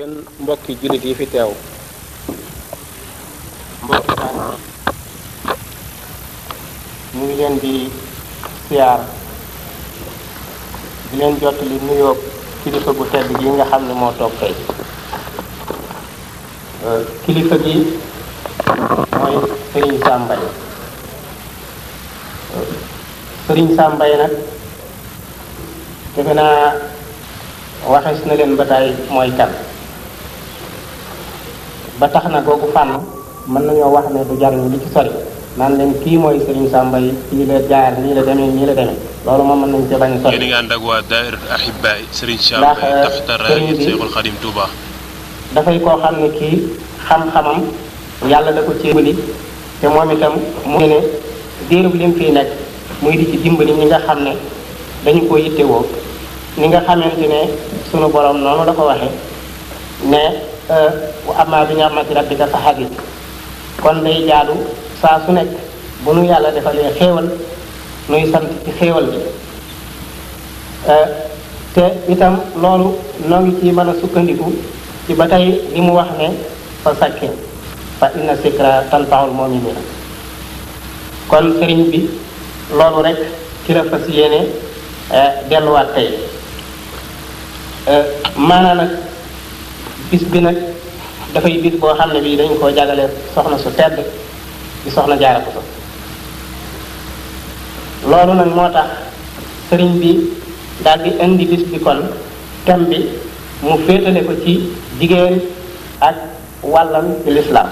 yéen mbokki jullit yi fi teew mbokki taal ngi leen bi siyaar di leen jot li nuyoo kilifa gu tedd gi nga xam ne moo toog tey euh, kilifa gi mooy sëriñ Sàmbay euh, sëriñ Sàmbay nag defe naa waxes na leen ba tey mooy kan ba tax na kooku fànn mën nañoo wax ne du jariñu li ci sori naan leen kii mooy Serigne Sam Mbaye kii la jaar nii la demee nii la demee loolu moom mën nañu cee bañ a sori. yéen a ngi ànd ak waa Daahira Ahibaay Serigne Sam Mbaye taxta raayat Seexul dafay koo xam ne kii xam-xamam yàlla la ko ci li te moom itam mu ne diirub lim fii nekk muy di ci dimbali ñi nga xam ne dañu ko yittewoo ni nga xamante ne sunu borom noonu la ko waxee ne. wa euh, amma bi ni'mati rabbika fa hadith kon day jaadu saa su nekk bu nu yàlla defalee xéewal nuy sant ci xéewal bi euh, te itam loolu noo ngi ci mën a sukkandiku ci ba tey li mu wax ne fa sakkee fa inna sikra tanfaul mu'minina kon sëriñ bi loolu rek ci la fas yéene euh, delluwaat tey maanaa nag bis bi nag dafay biir boo xam ne bii dañu koo jagale soxna su tedd di soxna jaara ko loolu nag moo tax sëriñ bi daal indi bis bi kon thème bi mu féetale ko ci jigéen ak wàllam ci lislaam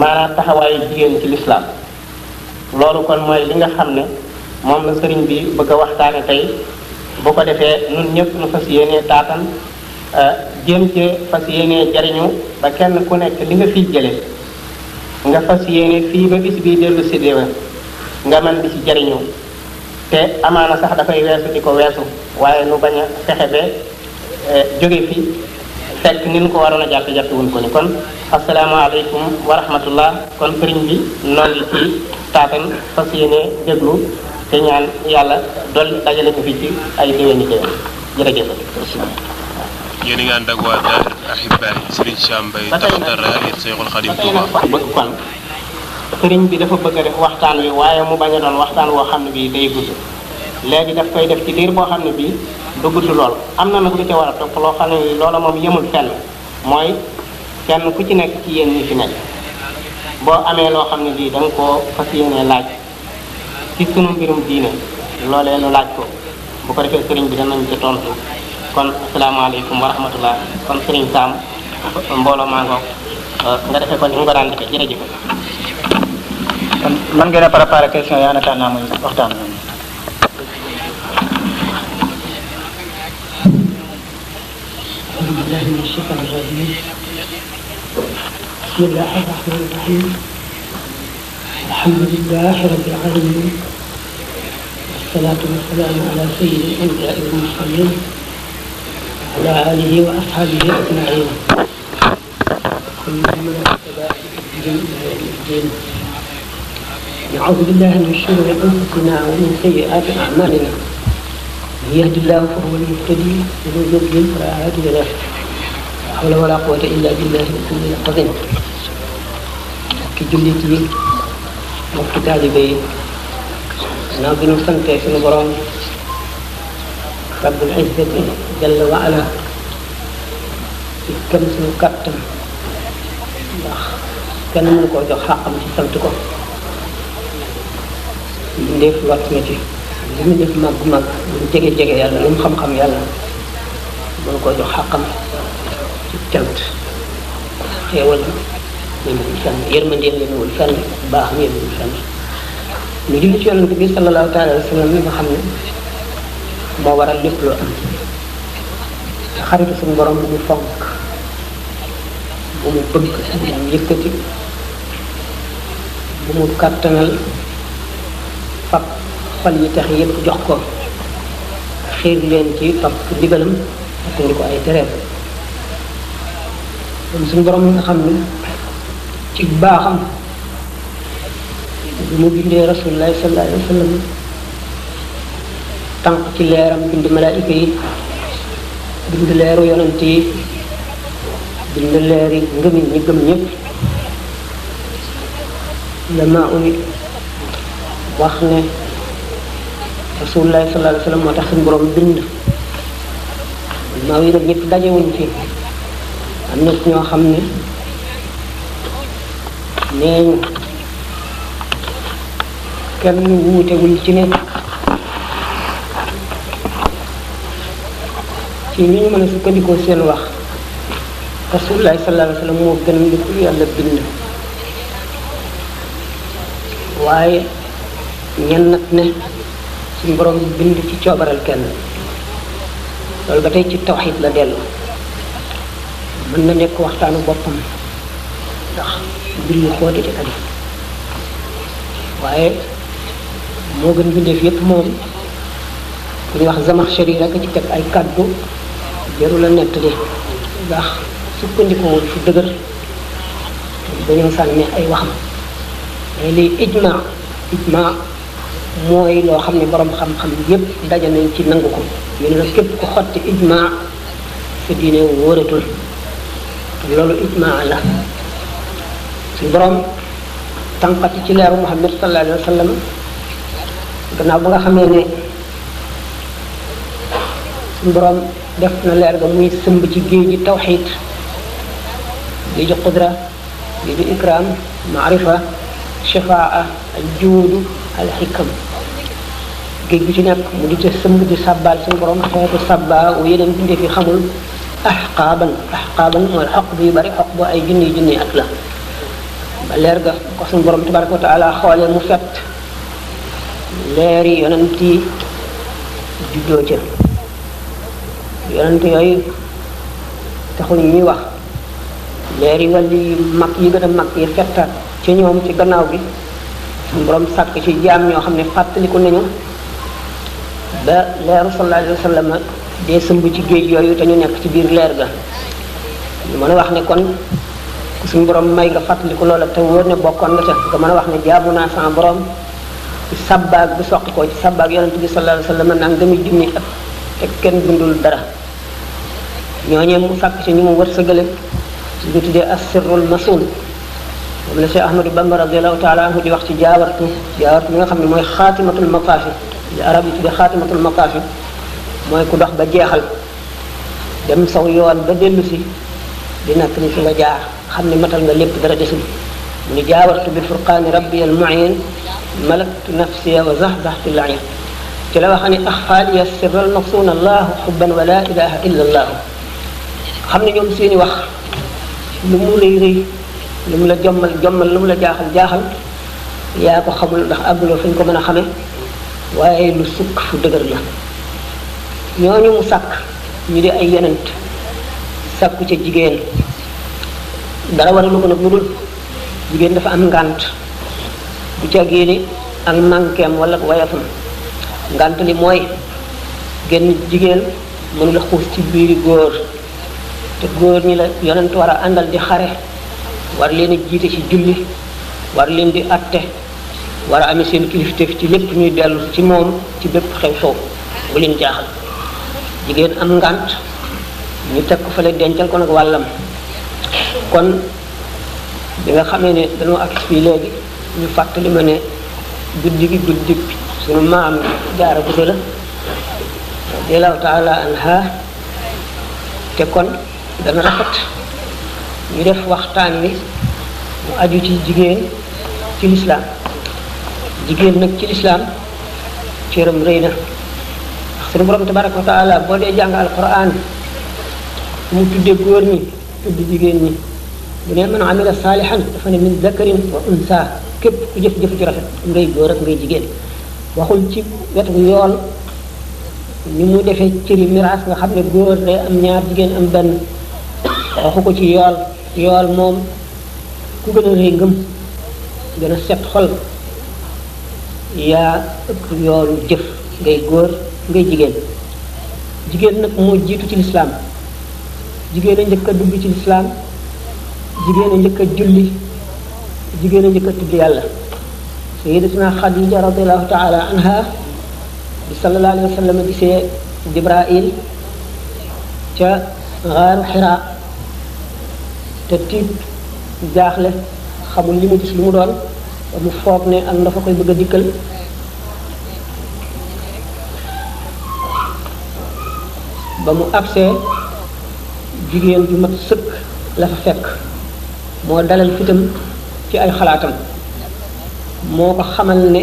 maanaam taxawaayu jigéen ci lislaam loolu kon mooy li nga xam ne moom la sëriñ bi bëgg a waxtaane tey boo ko defee nun ñëpp nu fas yéenee taatan Euh, jéem cee fas yéenee jariñu ba kenn ku nekk li nga fiy jële nga fas yéene fii ba bis bii dellu si déwén nga man di ci jariñu te amaana sax dafay weesu di ko weesu waaye nu bañ a fexe ba euh, jóge fi fekk ni ñu ko waroon a jàpp jàpp wuñ ko ni kon asalaamaaleykum wa rahmatullah kon sëriñ bi noonu li ci taatan fas yéene déglu te ñaan yàlla dool dajale ko fi ci ay déwéni a jërëjëf yéen a ngi ànd ak waa Daara Ahibaay Serigne Sam Mbaye taxaw dara ak bëgg fan sëriñ bi dafa bëgg a def waxtaan wi waaye mu bañ a doon waxtaan woo xam ne bii day gudd léegi daf koy def ci diir boo xam ne bii du gudd lool am na nag lu ca war a topp loo xam ne loola moom yëmul fenn mooy kenn ku ci nekk ci yéen ñi fi nekk boo amee loo xam ne lii da ko koo fas yéenee laaj ci sunu mbirum diine loolee lu laaj ko bu ko defee sëriñ bi danañ ca tontu. kon asalaamaaleykum wa rahmatullah kon sëriñ Sam mbooloo maa ngoog euh, nga defee ko ni mu ko daan defee man ngeen a question yaa naka naa muy waxtaan بالله من الشيطان الرجيم بسم الله الرحمن الرحيم الحمد لله رب العالمين والصلاة والسلام على سيد الأنبياء والمرسلين وعلى آله وأصحابه أجمعين وكل من اهتدى بهديهم إلى يوم الدين نعوذ بالله من شرور أنفسنا ومن سيئات أعمالنا من يهد الله فهو المهتدي ومن يضلل فلا هادي له لا حول ولا قوة إلا بالله العلي العظيم ki jullit yi mbokki taalibe yi gannaaw bi ñu santee suñu borom rabbul izzati jalla wa ala ci kem suñu kàttan ndax kenn mënu koo jox xàqam ci sant ko ndéef wat ci li mu def màgg màgg lu mu jege jege yàlla lu mu xam-xam yàlla mënu koo jox xàqam ci cant xéewal yéemuwul fenn yërmandeem yéemuwul fenn baax yéemuwul fenn ñu julli ci yonent bi sallallahu taala wa sallam nga xam ne moo waral lépp lu am te xaritu suñu borom bu mu fonk bu mu bëgg bu mu yëkkati bu mu kàttanal fab xol yi tax yépp jox ko xiir leen ci topp ndigalam ak ndi ko ay tereem kon suñu borom mi nga xam ne ci baaxam mu bindee rasulullahi sallallahu alayhi wa sallam tànq ci leeram bind malaayika yi bind leeru yonent yi bind leeri ngëm yi ñi gëm ñëpp lama uy wax ne rasulullah sallallahu alayhi wasallam moo tax suñu borom bind maa yi nag ñëpp dajewuñ fi am na ñoo xam ne nee ñu kenn wuutewul ci ne ci li ñu mën a sukkandikoo seen wax rasulullah sallallahu alayhi moo gën a ku yàlla bind waaye ñenn nag ne suñ borom bind ci coobaral kenn loolu ba tey ci tawxid la dellu mën na nekk waxtaanu boppam ndax mbir yu xóote ci adi waaye moo gën bindeef yépp moom ku ñu wax Zamaxshari rek ci teg ay kàddu jarul a nettali ndax sukkandikuwul fu dëgër dañoo sànni ay waxam mais lii ijma ijma mooy loo xam ne borom xam-xam yépp daje nañ ci nangu ko ñu ne nag képp ku xotti ijma sa diine wóoratul te loolu ijma la suñu borom tànqati ci leeru Muhammad sallallahu alayhi wa sallam gannaaw ba nga xamee ne suñu borom def na leer ga muy sëmb ci géej gi tawxiid géeju qudra géeju ikraam maarifa shifaa al al xikam géej gi ci nekk mu di ca sëmb di sàbbaal suñu borom xeetu sàbba wu yeneen bindee fi xamul axqaaban axqaaban mooy xoq bi bari xoq bu ay junni junni at la ba leer ga ko suñu borom mu fett leer yi yonent yi yonent yooyu taxul ñuy wax yi wàll yi mag yi gën a mag yi xettaat ci ñoom ci gannaaw bi suñu borom sàkk ci jaam ñoo xam ne fàttaliku nañu ba leeru sallallahu alayhi wa sallam dee sëmb ci géej yooyu te ñu nekk ci biir leer ga ñu mën a wax ne kon ku suñu may nga fàttaliku loola te wóor ne bokkoon nga ca nga mën a wax ne jaamu naa sama borom ci sàbbaag bi soqi ko ci sàbbaag yonent bi sallallahu alayhi wa sallam naa junni at te kenn dundul dara ñooñee mu sàkk ci ñu mu wërsëgale ñu tuddee assirrul masul moom la Cheikh Ahmadou Bamba radiallahu taala anhu di wax ci jaawartu mi nga xam ne mooy xaatimatul mataafi li arab yi tuddee xaatimatul mooy ku dox ba jeexal dem saw yoon ba dellu si di nekk ni fi xam ne matal nga lépp dara desul mu ni jaawartu bi furqaani rabbi al muin malaktu nafsiya wa zahzahtu lain ci la waxa ne axfaaliya sirral maxsuuna allahu xubban wa la ilaha illa allahu xam ne ñoom seeni wax lu mu lay rëy lu mu la jommal jommal lu mu la jaaxal jaaxal yaa ko xamul ndax àgguloo fi ñu ko mën a xame waaye lu sukk fu dëgër la ñooñu mu sàkk ñu di ay yonent sàkku ca jigéen dara war a lu ko nag lu dul jigéen dafa am ngànt bu ca génne ak mankeem wala wayafam ngànt li mooy génn jigéen mënula xuus ci biiri góor te góor ñi la yonent war a àndal di xare war leen a jiite ci julli war leen di atte war a amee seen kilifteef ci lépp ñuy dellu ci moom ci bépp xew soow bu leen jaaxal jigéen am ngant ñu teg ko fa fële dencal ko nag wàllam kon bi nga xamee ne dañoo ak fii léegi ñu fàttali ma ne guddi gi guddi suñu maam jaara guddi la radiallahu taala te kon dana rafet ñu def waxtaan wi mu aju ci jigéen ci lislaam jigéen nag ci lislaam cëram rëy na ndax suñu borom tabaraka wa taala boo dee jàng alquran mu tuddee góor ñi tudd jigéen ñi bu ne man amila saalihan dafa ne min zakarin wa unsa képp ku jëf-jëf ci rafet ngay góor ak ngay jigéen waxul ci wetu yool ni mu defee cëri miraas nga xam ne góor day am ñaar jigéen am benn waxu ko ci yool yool moom ku gën a rëy ngëm gën a set xol yaa ëpp yoolu jëf ngay góor ngay jigéen jigéen nag moo jiitu ci lislaam jigéen a njëkk a dugg ci lislaam jigéen a njëkk a julli jigéen a njëkk a tudd yàlla sayidatuna xadija radiallahu taala anha bi sallallahu alayhi wa ca xaaru xiraa te tiit jaaxle xamul li mu gis lu mu doon mu foog ne am dafa koy bëgg a dikkal ba mu absee jigéen ju mat sëkk la fa fekk moo dalal fitam ci ay xalaatam moo ko xamal ne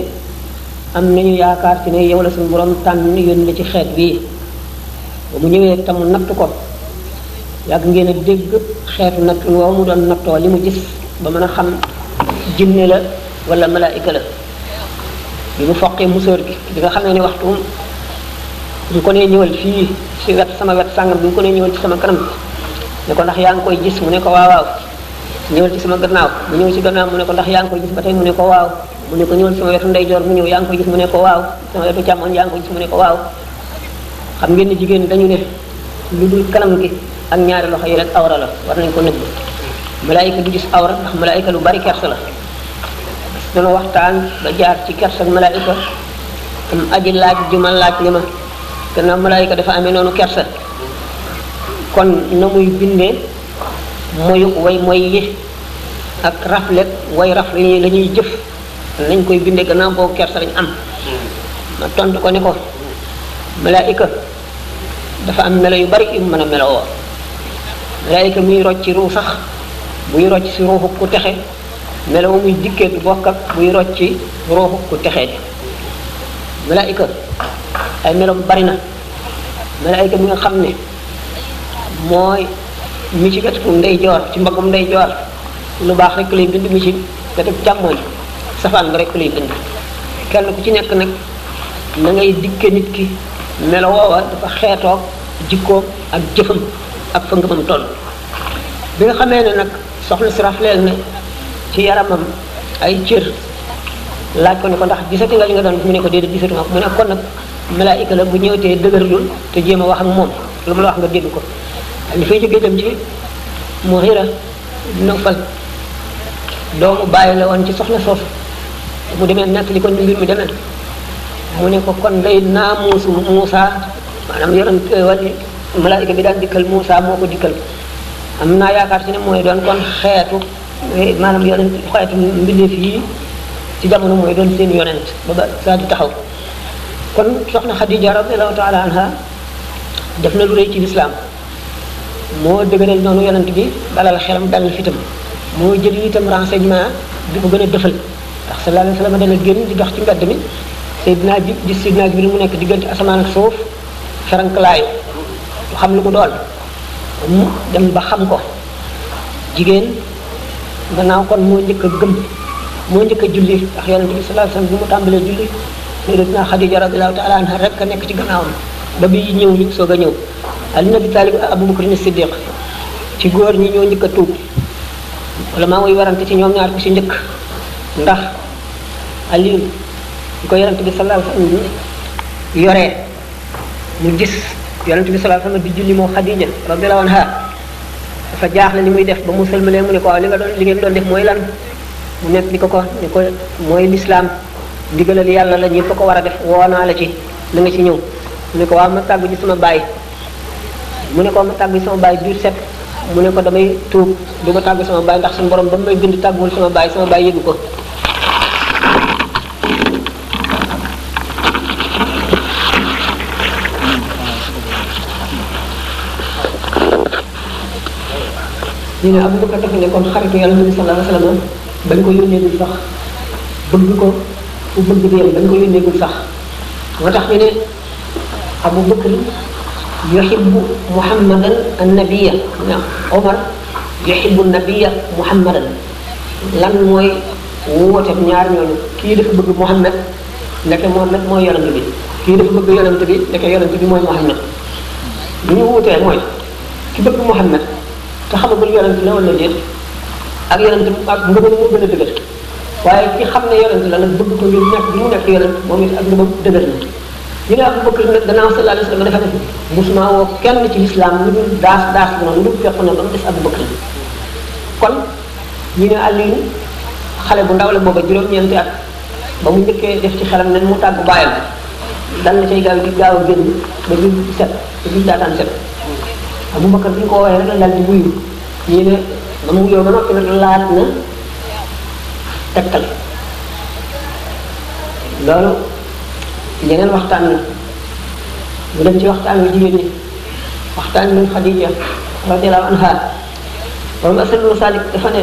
am nañu yaakaar ci ne yow la suñu borom tànn yónni ci xeet bii ba mu ñëwee tamu mu natt ko yàgg ngeen a dégg xeetu natt woow mu doon nattoo li mu gis ba mën a xam jinne la wala malaayika la bi mu foqee musóor gi bi nga xam ne waxtu mu ko nee ñëwal fii ci wet sama wet sàngam bi ko nee ñëwal ci sama kanam ko ndax yaa ngi koy gis mu ne ko waaw waaw ñëwal ci sama gannaaw mu ñëw ci gannaaw mu ne ko ndax yaa ngi koy gis ba tey mu ne ko waaw mu ne ko ñëwal sama wetu ndeyjoor mu ñëw yaa ngi koy gis mu ne ko waaw sama wetu càmmoñ yaa ngi koy gis mu ne ko waaw xam ngeen ne jigéen dañu ne lu dul kanam gi ak ñaari loxo yu rek awra la war nañ ko nëbb malaayika du gis awra ndax malaayika lu bari kersa la dana waxtaan ba jaar ci kersa ak malaayika am aji laaj juma laaj li ma gannaaw malaayika kon na muy bindee moyu way moy yi ak koy bindee gannaaw boobu kersa lañ am ko ne ko malaayika dafa am melo yu bari yu mën a melowoo layka muy rocc ci ruu sax buy rocc texe melaw muy dikkee du bokk ak buy rocc ci ruuxu ku texe di malaayika ay meloom bari na malaayika mi nga xam ne mooy mi ci wetu ndey joor ci mbaggum ndey joor lu baax rek lay bind mi ci wetu càmmooñ safaan ba rek lay bind kenn ku ci nekk nag na ngay dikke nit ki melo woowa dafa xeetoog jikkoom ak jëfam ak fa ngëmam toll bi nga xamee ne nag soxla si rafleel ne ci yaramam ay cër laaj ko ne ko ndax gisati nga li nga doon mu ne ko déedéet ko mu ne bu ñëwtee dëgërlul te a wax ak moom lu mu la wax nga dégg ko li fay jógee dem ci mu xira nofal doomu bàyyi la woon ci soxla soosu mu demee nekk li kon ni mbir mi demee mu ne ko kon day naa muusu Muusaa maanaam yoran wàlli malaayika bi daan dikkal Moussa moo ko dikkal am naa yaakaar ci ne mooy doon kon xeetu eh, maanaam yonent xeetu mbindeef yi ci jamono mooy doon seen yonent ba ba saa taxaw kon soxna Xadija radiyallahu taala anha def na lu rëy ci lislaam moo dëgëral noonu yonent bi dalal xelam dalal fitam moo jël itam renseignement di ko gën a dëfal ndax sallallahu alayhi wa sallam dana génn di dox ci mbedd mi Seydina Jibril di bi Jibril mu nekk diggante asamaan ak suuf ferankalaayu xam lu mu doon mu dem ba xam ko jigéen gannaaw kon moo njëkk a gëm moo njëkk a julli ndax yonente bi sallallahu alayhi wasallam bi mu tàmbalee julli sayyidatuna Xadija radiyallahu taala anha rek a nekk ci gannaawam ba bi ñëw ñu soog a ñëw Ali Abi Talib Abubakar ni Siddiq ci góor ñi ñoo jëkk a tuub wala maa ngi warante ci ñoom ñaar ku ci njëkk ndax Aliou ko yonente bi sallallahu alayhi wasallam mu gis yonente bi sallallahu alayhi wasallam di julli moo Xadija radiyallahu anha dafa jaaxle li muy def ba mu sëlmalee mu ne ko waaw li nga doon li ngeen doon def mooy lan mu nekk di ko ko ni ko mooy lislaam digalal yàlla la ñëpp ko war a def woo naa la ci na ci ñëw mu ne ko waaw ma tàggu ci sama baay mu ne ko ma tàggu ci sama baay jur set mu ne ko damay tuub du ma tàggu sama baay ndax suñu borom ba may bind tàgguwul sama baay sama baay yëgu ko ñu ne Abubakar dafa nekkoon xaritu yonent bi sallallahu alayhi wasallam bañ ko yónneegul sax bëgg ko fu bëgg dee bañ ko yónneegul sax moo tax ñu ne Abubakar yuhibbu Muhammadan an-nabiyya Omar yuhibbu an-nabiyya mooy woote ñaar ñooñu kii dafa bëgg Muhammad ndeke Muhammad mooy yonent bi kii dafa bëgg yonent bi ndeke mooy Muhammad li ñu wuutee mooy te xamagul yonent la wala déet ak yonent ak ngëmam moo gën a dëgër waaye ki xam ne yonent la nag bëgg ko ngir nekk bi mu nekk yonent moom it ak ngëmam dëgër na ñu ne Abu Bakr nag gannaaw sallallahu alayhi wasallam dafa kenn ci lislaam lu dul daas daas bi noonu lu dul fekk na ba mu des Abu Bakr kon ñu ne Aliyu xale bu ndaw la booba juróom-ñeenti at ba mu njëkkee def ci xelam ne mu tàggu bàyyam dal na cay gaaw di gaaw a génn ba biir set ba biir daataan set Abubakar bi ñu ko woowee rek la daal di wuyu ñu ne ba mu wuyoo ba noppi nag laaj na tegtal loolu yeneen waxtaan la mu dem ci waxtaan wi jigéen ñi waxtaan bi Xadija radiyallahu anha moom asaluma Sadik dafa ne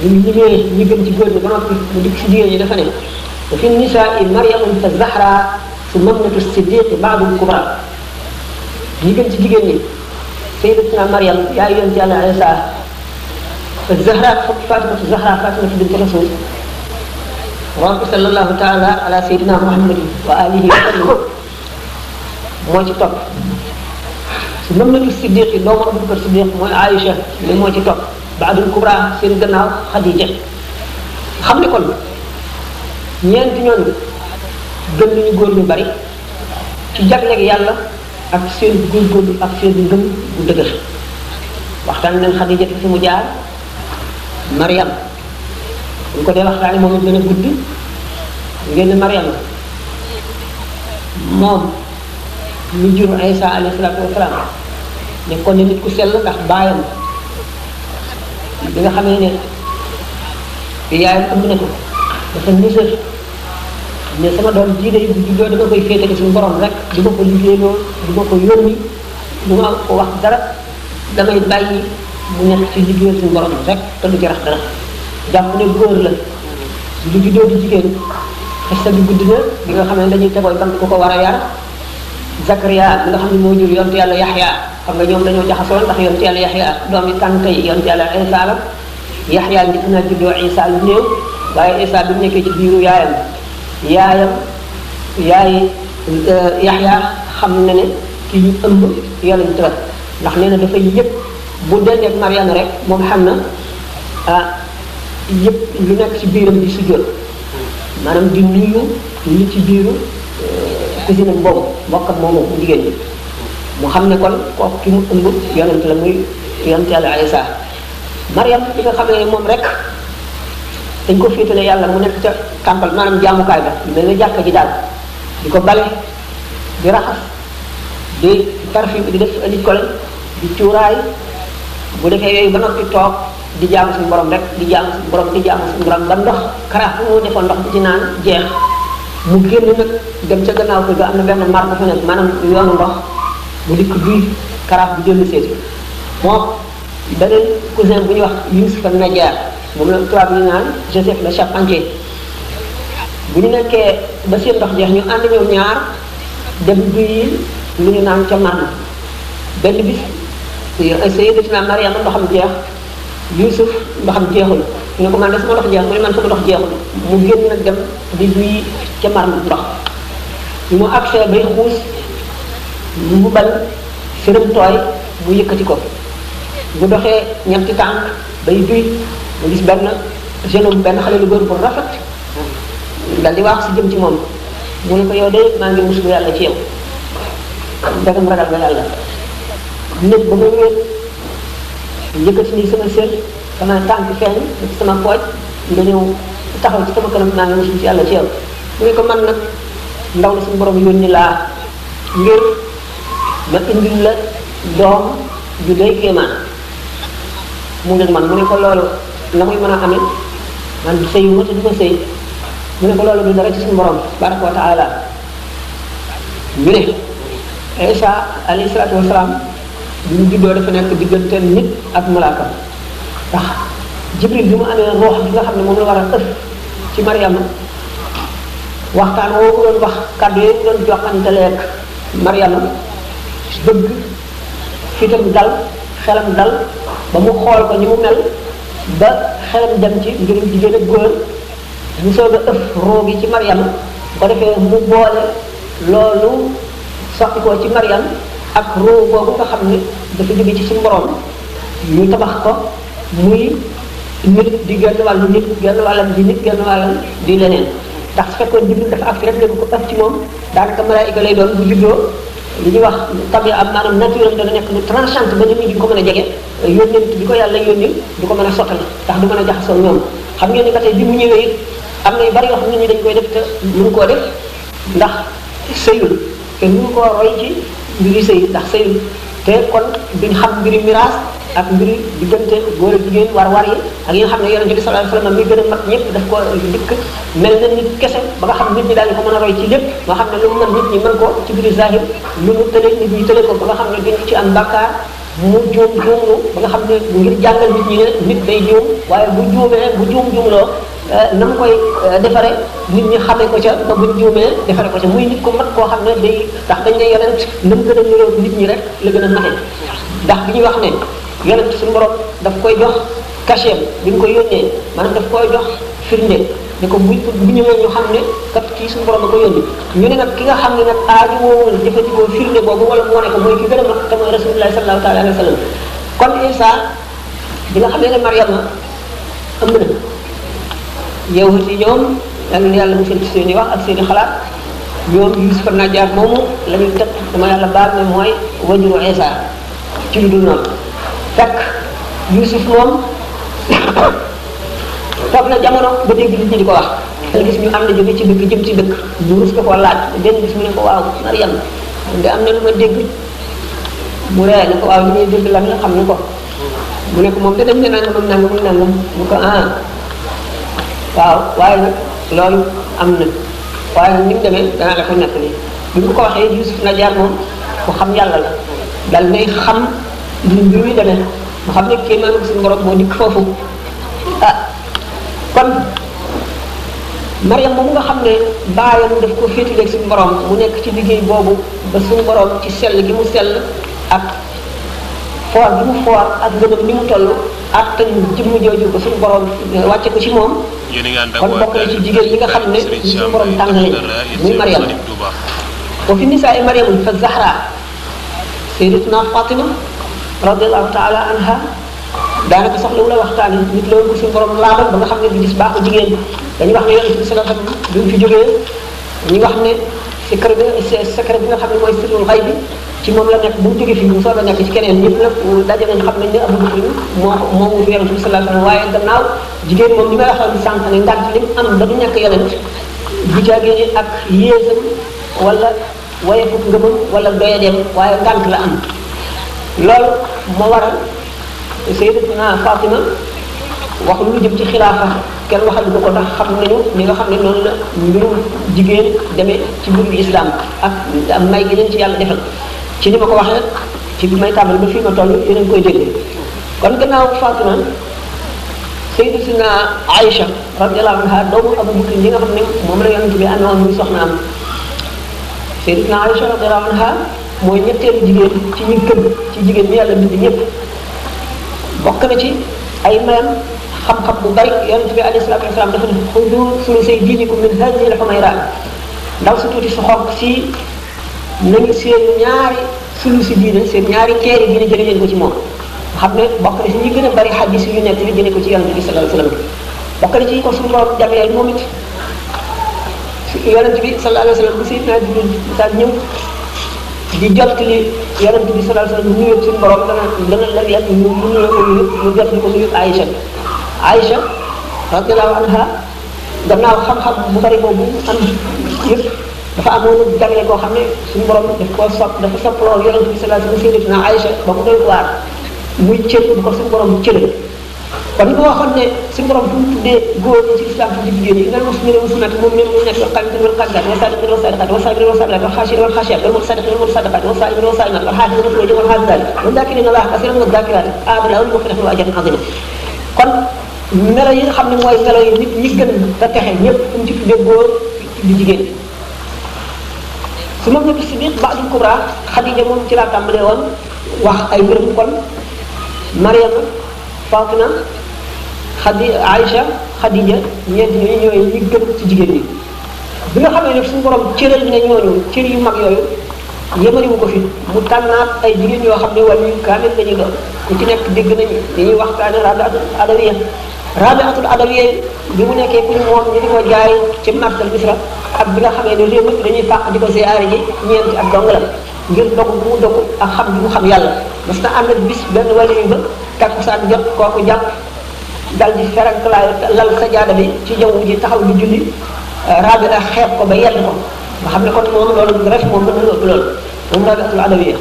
bu ñu ñëwee gëm ci góor ñi ba noppi mu dikk ci jigéen ñi dafa ne wa fi nisaa Maryamu fa Zahra su mamnatu Siddiqi baadu kubra ñu gën ci jigéen ñi. sayyidatuna Maryam yaay yonent yàlla Isa Zahra Fatimatu Zahra Fatimatu bint Rasul wa sallallahu taala ala sayyidina Muhammadin wa alihi wa sallam moo ci topp su Mamadu Siddiq yi doomu Abubakar Siddiq mooy Aïcha li moo ci topp baadul kubra seen gannaaw Xadija xam ne kon ñeenti ñooñu gën nañu góor ñu bari ci jagleel yàlla ak seen góorgóorlu ak seen ngëm bu dëgër waxtaan nañ Xadija fi mu jaar Mariam ko dee waxtaanee moom it dana gudd ngeen Mariam moom ñu jur Isa alayhi salaatu wasalaam nekkoon ne nit ku sell ndax baayam bi nga xamee ne yaayam ëmb na ko dafa nësër mais sama doom jii day bu juddoo dama koy féetale suñu borom rek du ma ko liggéeyloo du ma ko yónni du ma ko wax dara damay bàyyi mu nekk ci liggéeyal suñu borom rek te du jarax dara jàpp ne góor la du juddoo di jigéen xista bi gudd na bi nga xam ne dañuy tegooy bant ko ko war a yar Zakaria bi nga xam ne moo jur yonte yàlla Yaxya xam nga ñoom dañoo jaxasoo ndax yonte yàlla Yaxya doom yi tànk yi yonte yàlla Isa la Yaxya njëkk naa juddoo Isa lu néew waaye Isa bi mu nekkee ci biiru yaayam yaayam yaay euh, yaxya xam na ne ki ñu ëmb yàlla ñu tëral ndax nee na dafay yëpp bu dendeeg Mariama rek moom xam na yépp ah, yëpp lu nekk ci biiram di sujjóot maanaam di nuyu li ci biiru euh, cousine am boobu mbokk ak moomu jigéen ñi mu xam ne kon kooku ki mu ëmb yonent la muy yonent yàlla Isa Mariam bi xam ne moom rek dañ ko féetale yàlla mu nekk ca tàmpal maanaam jaamukaay ba mel na jàkka ji daal di ko bale di raxas di parfum di def indi di cuuraay bu defee yooyu ba noppi toog di jaamu suñu borom rek di jaamu suñu borom di jaamu borom ba ndox karaaf bu mu defoon ndox di naan jeex mu génn nag dem ca gannaaw kër ga am na benn mar bu nekk maanaam yoonu ndox bu dikk duy karaaf bu jënd seetu moom beneen cousin bu ñuy wax Yusuf an Najjar moom la tubaab yi naan Joseph le charpentier bu ñu nekkee ba seen ndox jeex ñu ànd ñoom ñaar dem duy lu ñu naan ca Marne benn bis Sayyidatina Maryama ndoxam jeex Yuusuf ndoxam jeexul ñu ne ko man de sama ndox jeex mu ne man sama ndox jeexul mu génn nag dem di duy ca Marne ndox mu agsee bay xuus mu bañ fërëm mu yëkkati ko bu doxee ñetti tànk bay duy nga gis benn jeune homme benn xale lu góor bu rafet dal di wax si jëm ci moom mu ne ko yow de maa ngi muslu yàlla yàlla néeg ba ni sama sër sama tànk feeñ mu ne ko man nag ndaw la suñu borom yónni laa ngir ma indil la doom ju kéemaan mu ne man mu ne ko loolu la muy mën a amee man du sëy ma te du ma sëy ñu ne ko loolu du ci suñu borom tabaraka wa taala ne Isa alayhi salaatu wasalaam bi mu juddoo dafa nekk diggante nit ak malaaka ndax jibril bi mu amee ruux bi nga xam ne moom la war a ëf ci Mariama waxtaan woo ko doon wax kàddu yi mu doon joxante lekk Mariama bëgg fitam dal xelam dal ba mu xool ko ni mu mel ba xelam dem ci mbirum jigéen ak góor mu soog a ëf roo gi ci Maryam bu ko defee mu boole loolu soqi ko ci Maryam ak roo boobu nga xam ne dafa jóge ci ci borom ñu tabax ko muy nit di genn wàllu nit genn wàllam di nit genn wàllam di leneen ndax su fekkoon Jibril dafa ak rek léegi ko ëf ci moom daanaka malaayika lay doon bu juddoo li ñuy wax tabi am maanaam nature dana nekk lu transcendant ba nit ñi duñ ko mën a jege yónnent bi ko yàlla yónni du ko mën a sottal ndax du mën a jaxasoo ñoom xam ngeen ni ba tey bi mu ñëwee it am na yu bari yoo nit ñi dañ koy def te mënu koo def ndax sëyul te lu ko koo roy ci mbiri sëy ndax sëyul te kon duñ xam mbiri miraas ak mbiri diggante góor ak jigéen war war yi ak yi xam ne yonent bi sallallahu alayhi wasallam mi gën a mat ñëpp daf ko dikk mel na nit kese ba nga xam nit ñi daañu ko mën a roy ci lépp nga xam ne lu mu mën nit ñi mën ko ci biir zahir lu mu tële nit ñi tële ko ba nga xam ne duñ ci am bàkkaar mu juum juumlu ba nga xam ne ngir jàngal nit ñi ne nit day juum waaye bu juumee bu juum juumloo Euh, na mu koy euh, defare nit ñi xamee ko ca ba buñ juumee defare ko ca muy nit ku mat koo xam ne day ndax dañ ne yonent na mu gën a nit ñi rek la gën a mate ndax bi ñuy wax ne yonent suñu borom daf koy jox cachet bi ñu koy yónnee maanaam daf koy jox firnde ne ko buñ bu ñëwee ñu xam ne kat kii suñu borom da ko yónni ñu ne nag ki nga xam ne nag aaju woowul jëfandikoo firnde boobu wala mu wane mooy ki gën a mat te mooy rasulullah sallallahu taala alayhi wa sallam kon Isa bi nga xam ne ne Mariama ëmb na yeewu ci ñoom yàlla na yàlla musal ci seen i wax ak seen xalaat ñoom Yuusufa Najjaar moomu la ñu tëkk dama yàlla baal ne mooy wajuru Isa ci lu dul noonu fekk Yuusuf moom toog na jamono ba dégg nit ko wax dana gis ñu am ci jëm ci dëkk ñu rus ko ko laaj benn de am na lu ma dégg mu ree ne ko waaw li ngay dégg lan la xam na ko mu ne ko moom de dañ ne nangam ak nangam ak nangam mu ko ah waaw waaye nag loolu am na waaye nag ni danaa la ko nekk nii bi mu ko waxee Yusuf Najaar moom ku xam yàlla la dal nay xam li mbir mi demee mu xam ne kéemaan ko suñu borom moo dikk foofu ah kon Mariam moom nga xam ne baayam daf ko féetaleeg suñu borom mu nekk ci liggéey boobu ba suñu borom ci sell gi mu sell ak foor bi mu foor ak ngënam ni mu toll ak te jëmm jooju ko suñu borom eh, wàcce ko si moom kon bokk na ci jigéen ñi nga xam ne ñi suñu borom tànn lañ muy mariam wa fi nisaa i mariamun fa zahra sayyidatuna fatima radiallahu taala anha daanaka soxlawu la waxtaan nit loolu ko suñu borom laabal ba nga xam ne du gis baaxu jigéen dañu wax ne yonent bi bi mu fi jógee ñu wax ne secret bi secret bi nga xam ne mooy sirrul xay bi ci moom la nekk bu mu jógee mu soog a nekk ci keneen ñëpp nag daje nañ xam nañ ne Abu Bakr moo moomu fi yonent bi sallallahu alayhi wasallam waaye gannaaw jigéen moom li may waxoon sànq ne ngànt li mu am bu jaagee ak yéesam wala wayefu ngëmam wala doyadeem waaye ngànt la am loolu moo waral Sayyidatuna Fatima wax lu jëm ci xilaafa kenn waxal ko ko ndax xam nañu ni nga xam ne noonu la mbirum jigéen demee ci mbirum islam ak am may gi ci yàlla defal ci ni ma ko waxee ci bi may tàmbali ba fii ma toll yéen a ngi koy déglu kon gannaaw faatu na sayyidatuna Aïcha radiyallahu anha doomu Abu Bakr ñi nga xam ne moom la yonent bi àndoon muy soxnaam sayyidatuna Aïcha radiyallahu anha mooy ñetteelu jigéen ci ñu gëm ci jigéen ñi yàlla bind ñëpp bokk na ci ay mayam xam-xam bu bari yonent bi alayhi salaatu wasalaam dafa ne xudu sulusay diinikum min hadihi al-humayra si tuuti su xonq nañu seen ñaari sulu si diine seen ñaari teeri diine jëlee leen ko ci moom xam ne bokk na si ñi gën a bari xadis yu nekk li jëlee ko ci yonent bi sallallahu alayhi wasallam bokk na ci ko suñu borom jameel moom it yonent bi sallallahu alayhi wasallam bu sayyidina Jibril daan ñëw di jottali yonent bi sallallahu alayhi wasallam nuyoo suñu borom dana dana la yàgg ñu mu nuyoo ko nuyu mu jottali ko nuyu Aïcha Aïcha radiyallahu anha gannaaw xam-xam bu bari boobu am yëpp dafa amoon jagle koo xam ne suñu borom daf koo sopp dafa sopp lool yonent bi sallallahu alayhi wasallam sayyidatuna Aïcha mu doon waar muy cër bu ne suñu mu tuddee góor ñi ci kon melo yi nga xam ne mooy melo ñi gën a texe ñëpp fu mu ci góor di jigéen su ma bëgg si biir baadul kubra xadija moom ci laa tàmbalee wax ay mbirum kon mariama fatima xadi aïcha xadija ñeent ñooñu ñooy ñi gën ci jigéen ñi bi nga xam ne suñu borom cëral na ñooñu cër yu mag yooyu yëmariwu ko fi mu tànnaat ay jigéen yoo xam ne wàllu yu kaamil la ñu doon ku ci nekk dégg nañu dañuy waxtaane raadu adawiya rabiatul adab yooyu bi mu nekkee ku ñu moom ñu di ko jaay ci màggal Misra ak bi nga xamee ne réew mi dañuy fàq di ko ziyaare ji ñeenti la ngir dogu bu mu dogu ak xam bi mu xam yàlla mas na ànd ak bis benn wàllu yu ba takkusaan jot kooku jàpp dal di feranklaayu lal sajaada bi ci jaww ji taxaw di julli euh, rabia xeeb ko ba yedd ko nga xam ne kon moom loolu ref moom mën na ëpp loolu moom rabiatul adab yooyu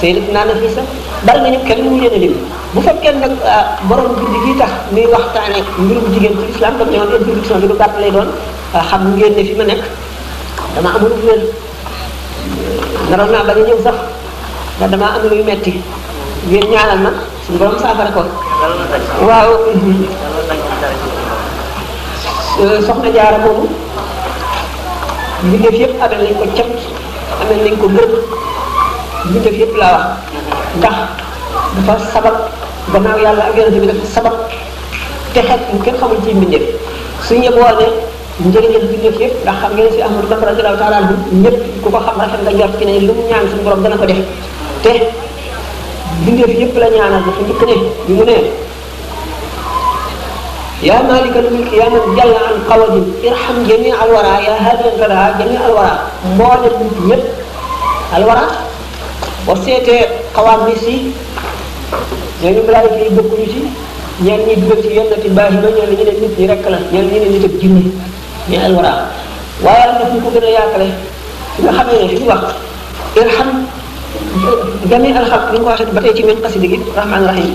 sëy nag naa na fii sax bari nañu kenn mu leen a lim bu fekkee nag ah, borom guddi gi tax muy waxtaane mbirum jigéen ci islam comme ne bi lu gàtt lay doon ah, xam ngeen ne fi ma nekk dama amul wér naroon naa bañ a ñëw sax ndax dama am luy metti ngeen ñaanal ma suñu borom saafara ko waaw euh, soxna jaara moomu mbindeef yëpp amel nañ ko cant amel nañ ko ngërëm mbindeef yépp laa wax ndax dafa sabab gannaaw yàlla ak yonente bi dafa sabab te xet bu kenn xamul ci mbindeef suñu yëpp woo ne njëriñal mbindeef yëpp ndax xam ngeen si Ahmadu Bamba ko xam rafet nga ne lu mu ñaan suñu borom dana ko def te yëpp la ñaanal dafa njëkk ne mu ne yaa yaa man jalla an qawadin irham jami alwara yaa haadiyan radaa jami alwara mbooleem nit ñëpp alwara boo seetee xawaam bi si ñooñu malaayika yi bokkuñu ci ñenn ñi dugal ci yennati baax yi ba ñoo ñu ne nit ñi rek la ñenn ñi ne nit ak jinni ñu alwara waaye am na fu ñu ko gën a yaakale fi nga xamee ne fi ñu wax irham jami ko waxee ba tey ci min xasidi gi rahmaan rahim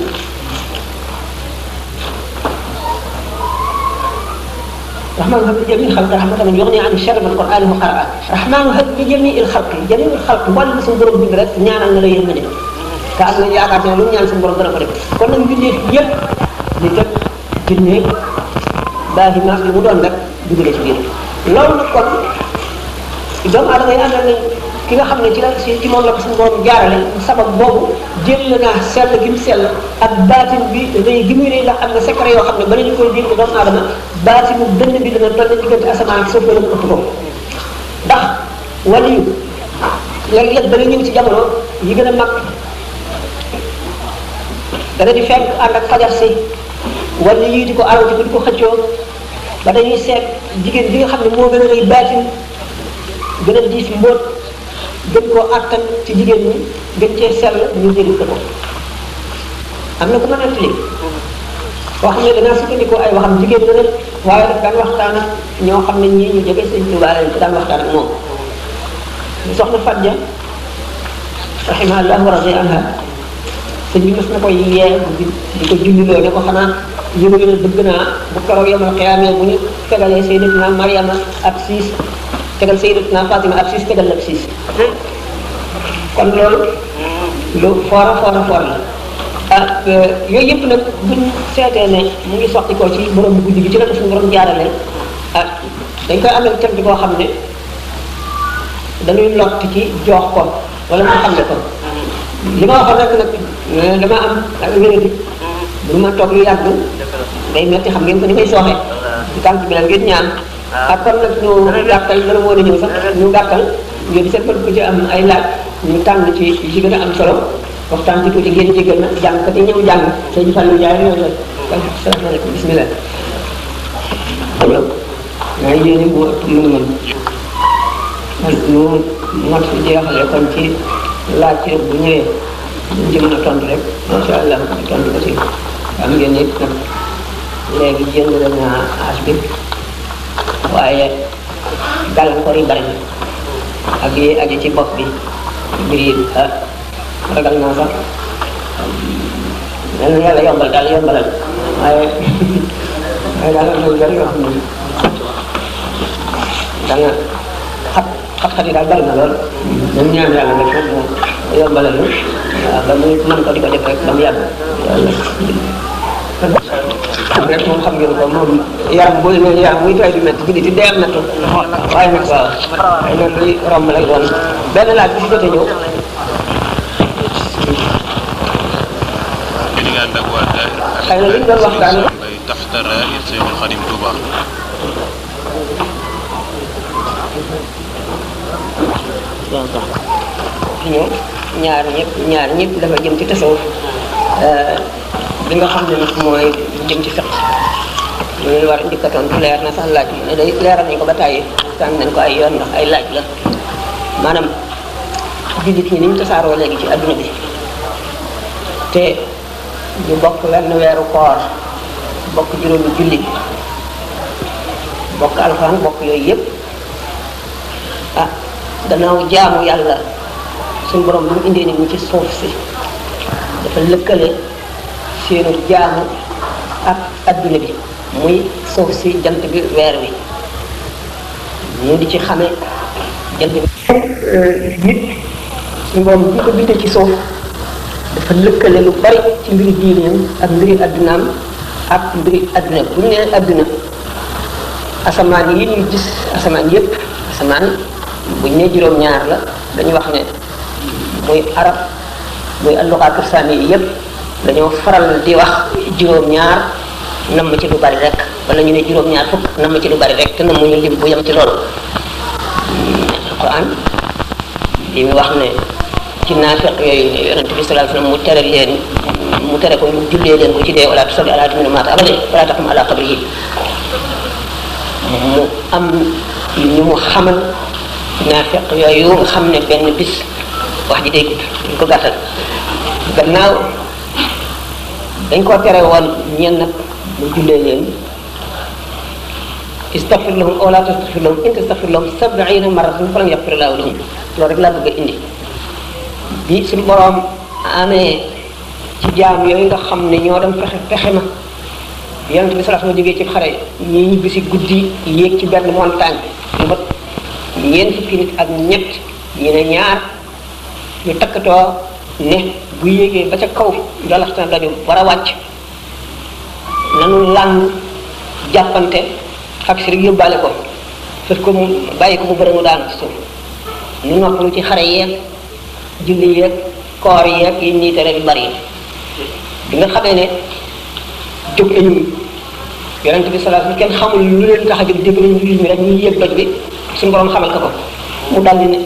الرحمن هب لجميع الخلق رحمة من يغني عن الشر من قرآنه قرأ الرحمن هب لجميع الخلق جميع الخلق wàllu suñu borom bind rek ñaanal na la yërmande te am nañu yaakaar ne lu ñaan suñu borom dana ko def kon nag mbindeef yëpp li kat jinne baaxi maag li mu doon rek dugalee ci biir loolu nag kon doomu aadama yi àndal nañ ki nga xam ne ci la ci moom la ko suñu borom jaarale sabab boobu jël naa sell gi mu sell ak baatin bi rëy gi muy rëy ndax am na secret yoo xam ne bala ñu koy bind doomu aadama baatinu bi dana na diggante asamaan ak suuf la mu ëpp ko ndax wàllu yu léeg-léeg dana ci jamono yi gën a mag di fenk ànd ak fajar si yi di ko arawti ko di ko xëccoo ba dañuy seet jigéen bi nga xam ne moo gën a rëy baatin gën a diis mbóot gën koo àttan ci jigéen ñi gën cee sell ñu jëriñ ko am na ku ma nettali wax ne danaa sukkandikoo ay waxam jigéen la nag waaye daf waxtaan ñoo xam ne ñii ñu jege sëñ Tuubaa lañ ko daan waxtaan ak moom soxna Fatou Dia rahimahullah wa radi anha sëñ na koy yee di ko julliloo ne ko xanaa yëngu na bëgg naa bu keroog yomal xiyaamee bu ñu fegalee Sayyidatuna Mariama ak siis tegal sayyidatuna Fatima ab siis tegal la ab siis kon loolu lu foora foora foor ak euh, yooyu yëpp nag buñ seetee ne mu ngi soqi ko ci borom bu guddi bi ci la ko suñu borom jaarale ak dañ koy amee cant koo xam ne dañuy lott ci jox ko wala mu xam ne ko li ma waxoon rek nag euh, dama am ak wéradi bu ma toog lu yàgg day metti xam ngeen ko ni may sooxe tànk bi la ngeen ñaan ak ah. kon nag ñu gàttal dana war a ñëw sax ñu gàttal ngeen seetlu ku ci am ay laaj ñu tànn ci li ci gën a am solo waxtaan ci tuuti ngeen jégal na jàngkat yi ñëw jàng sëñ Fallou Ndiaye ñëw na salaamaaleykum bisimilah. maa ngi yéene bu ëpp lu mu mën ñu mot fi jeexale kon ci laaj bu ñëwee ñu ci mën a tontu rek macha ko si am ngeen it nag léegi bi. waaye gàllankoor yi bari ak yi aju ci bopp bi mbir yi ah, ragal naa sax mel na yàlla yombal daal yombalal waaye waaye daal am na lu bari yoo xam ne dana xat xat-xat yi daal bari na lool dañ ñaan yàlla nag moom yombalal waaw ah, ba ko di ko def rek ba mu am rek moom xam ngeen ko moom yaram booy loolu yaram buy tooy di métti jullit yi deel na tu waaye nag waaw loolu luy romb lay doon benn laaj bi si jot a ñëw xëy na li ñu doon waxtaan ñoom ñaar ñëpp ñaar ñëpp dafa jëm ci tasawuf li nga xam ne nag mooy jëm ci fiq lu war a njëkk leer na sax laaj bi day leeral nañ ko ba tàyyi sànni nañ ko ay yoon ndax ay laaj la maanaam jullit ñi ni ñu tasaaroo léegi ci àdduna bi te ñu bokk wenn weeru koor bokk juróomi julli bokk alxuraan bokk yooyu yëpp ah gannaaw jaamu yàlla su borom bi mu indee nit ñi ci suuf si dafa lëkkale seenu jaamu ak adduna bi muy suuf si jant bi weer wi ñu di ci xame jant bi nit suñu borom bi ko bindee ci suuf dafa lëkkale lu bari ci mbiri diineem ak mbiri addunaam ak mbiri adduna bu ñu nee adduna asamaan yi ñuy gis asamaan yépp asamaan bu ñu nee juróom-ñaar la dañu wax ne muy arab muy alluqaatu saami yépp dañoo faral di wax juróom-ñaar nam ci lu bari rek wala ñu ne juróom-ñaar fukk nam ci lu bari rek te ñu lim bu yem ci loolu hmm, alquran li mu wax ne ci naafiq yooyu mu tere leen mu tere ko mu jullee leen ko ci dee wala tusalli ala ahadin maata abadan wala taqum ala qabrihi mu am ñu mu xamal naafiq yooyu xam ne benn bis wax ji dégg gudd ñu ko gàttal gannaaw dañ koo tere woon ñeen nag mu jullee leen istafir lahum aw laa tastafir lahum in tastafir lahum sab'iina marratan falam yaxfir laahu lahum loolu rek laa bëgg a indi bi suñu boroom amee ci jaam yooyu nga xam ne ñoo doon fexe fexe ma yonente bi salaas ma jógee ci xare ñii ñibbi si guddi yéeg ci benn montagne lu mat ñeent fukki nit ak ñett ñu ne ñaar ñu takkatoo ne bu yéegee ba ca kaw njolaxtan la ñu war a wàcc nanu làng jàppante ak si rek yóbbaale ko fës ko mu bàyyi ko mu bëri mu daan suuf ñu noppalu ci xare yeeg julli yeeg koor yeeg yi ñuy tere yu bari bi nga xamee ne jóg nañu yonent bi sallallahu alayhi wasallam kenn xamul lu leen tax a jóg dégg nañu jullit ñi doj bi suñu borom xamal ko ko mu daldi ne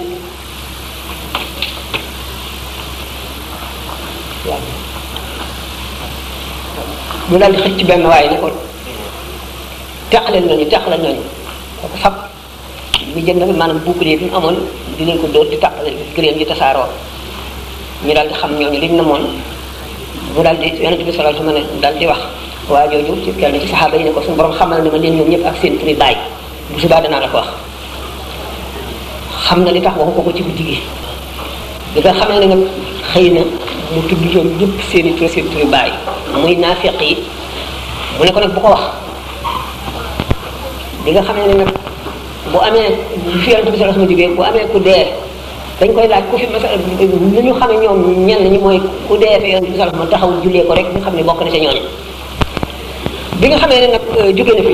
mu daal di xëcc ci benn waaye ne ko teqaleel nañu teqaleel nañu kooku fab jën jënd maanaam bouclier bi mu amoon di leen ko dóor di teqaleel gëréem yi tasaaroo ñu daal di xam ñooñu liñ nemoon moon mu daal di yonent bi sallallahu alayhi wasallam daal di wax waa jooju ci kenn ci saxaaba yi ne ko suñu borom xamal na ma leen ñoom ñëpp ak seen turi baay bu subaa danaa la ko wax xam na li tax waxu ko ko ci guddi gi li nga xamal ne nag xëy na mu tudd ñoom ñëpp seeni i tur seen turu baay muy naafeq yi mu ne ko nag bu ko wax li nga xam ne nag bu amee fi yonent bi sallallahu alayhi wasallam jógee bu amee ku dee dañ koy laaj ku fi masal lu ñu xamee ñoom ñenn ñi mooy ku dee fi yonent bi sallallahu alayhi wasallam taxaw jullee ko rek ñu xam ne bokk na ca ñooñu bi nga xam ne nag euh, jóge na fi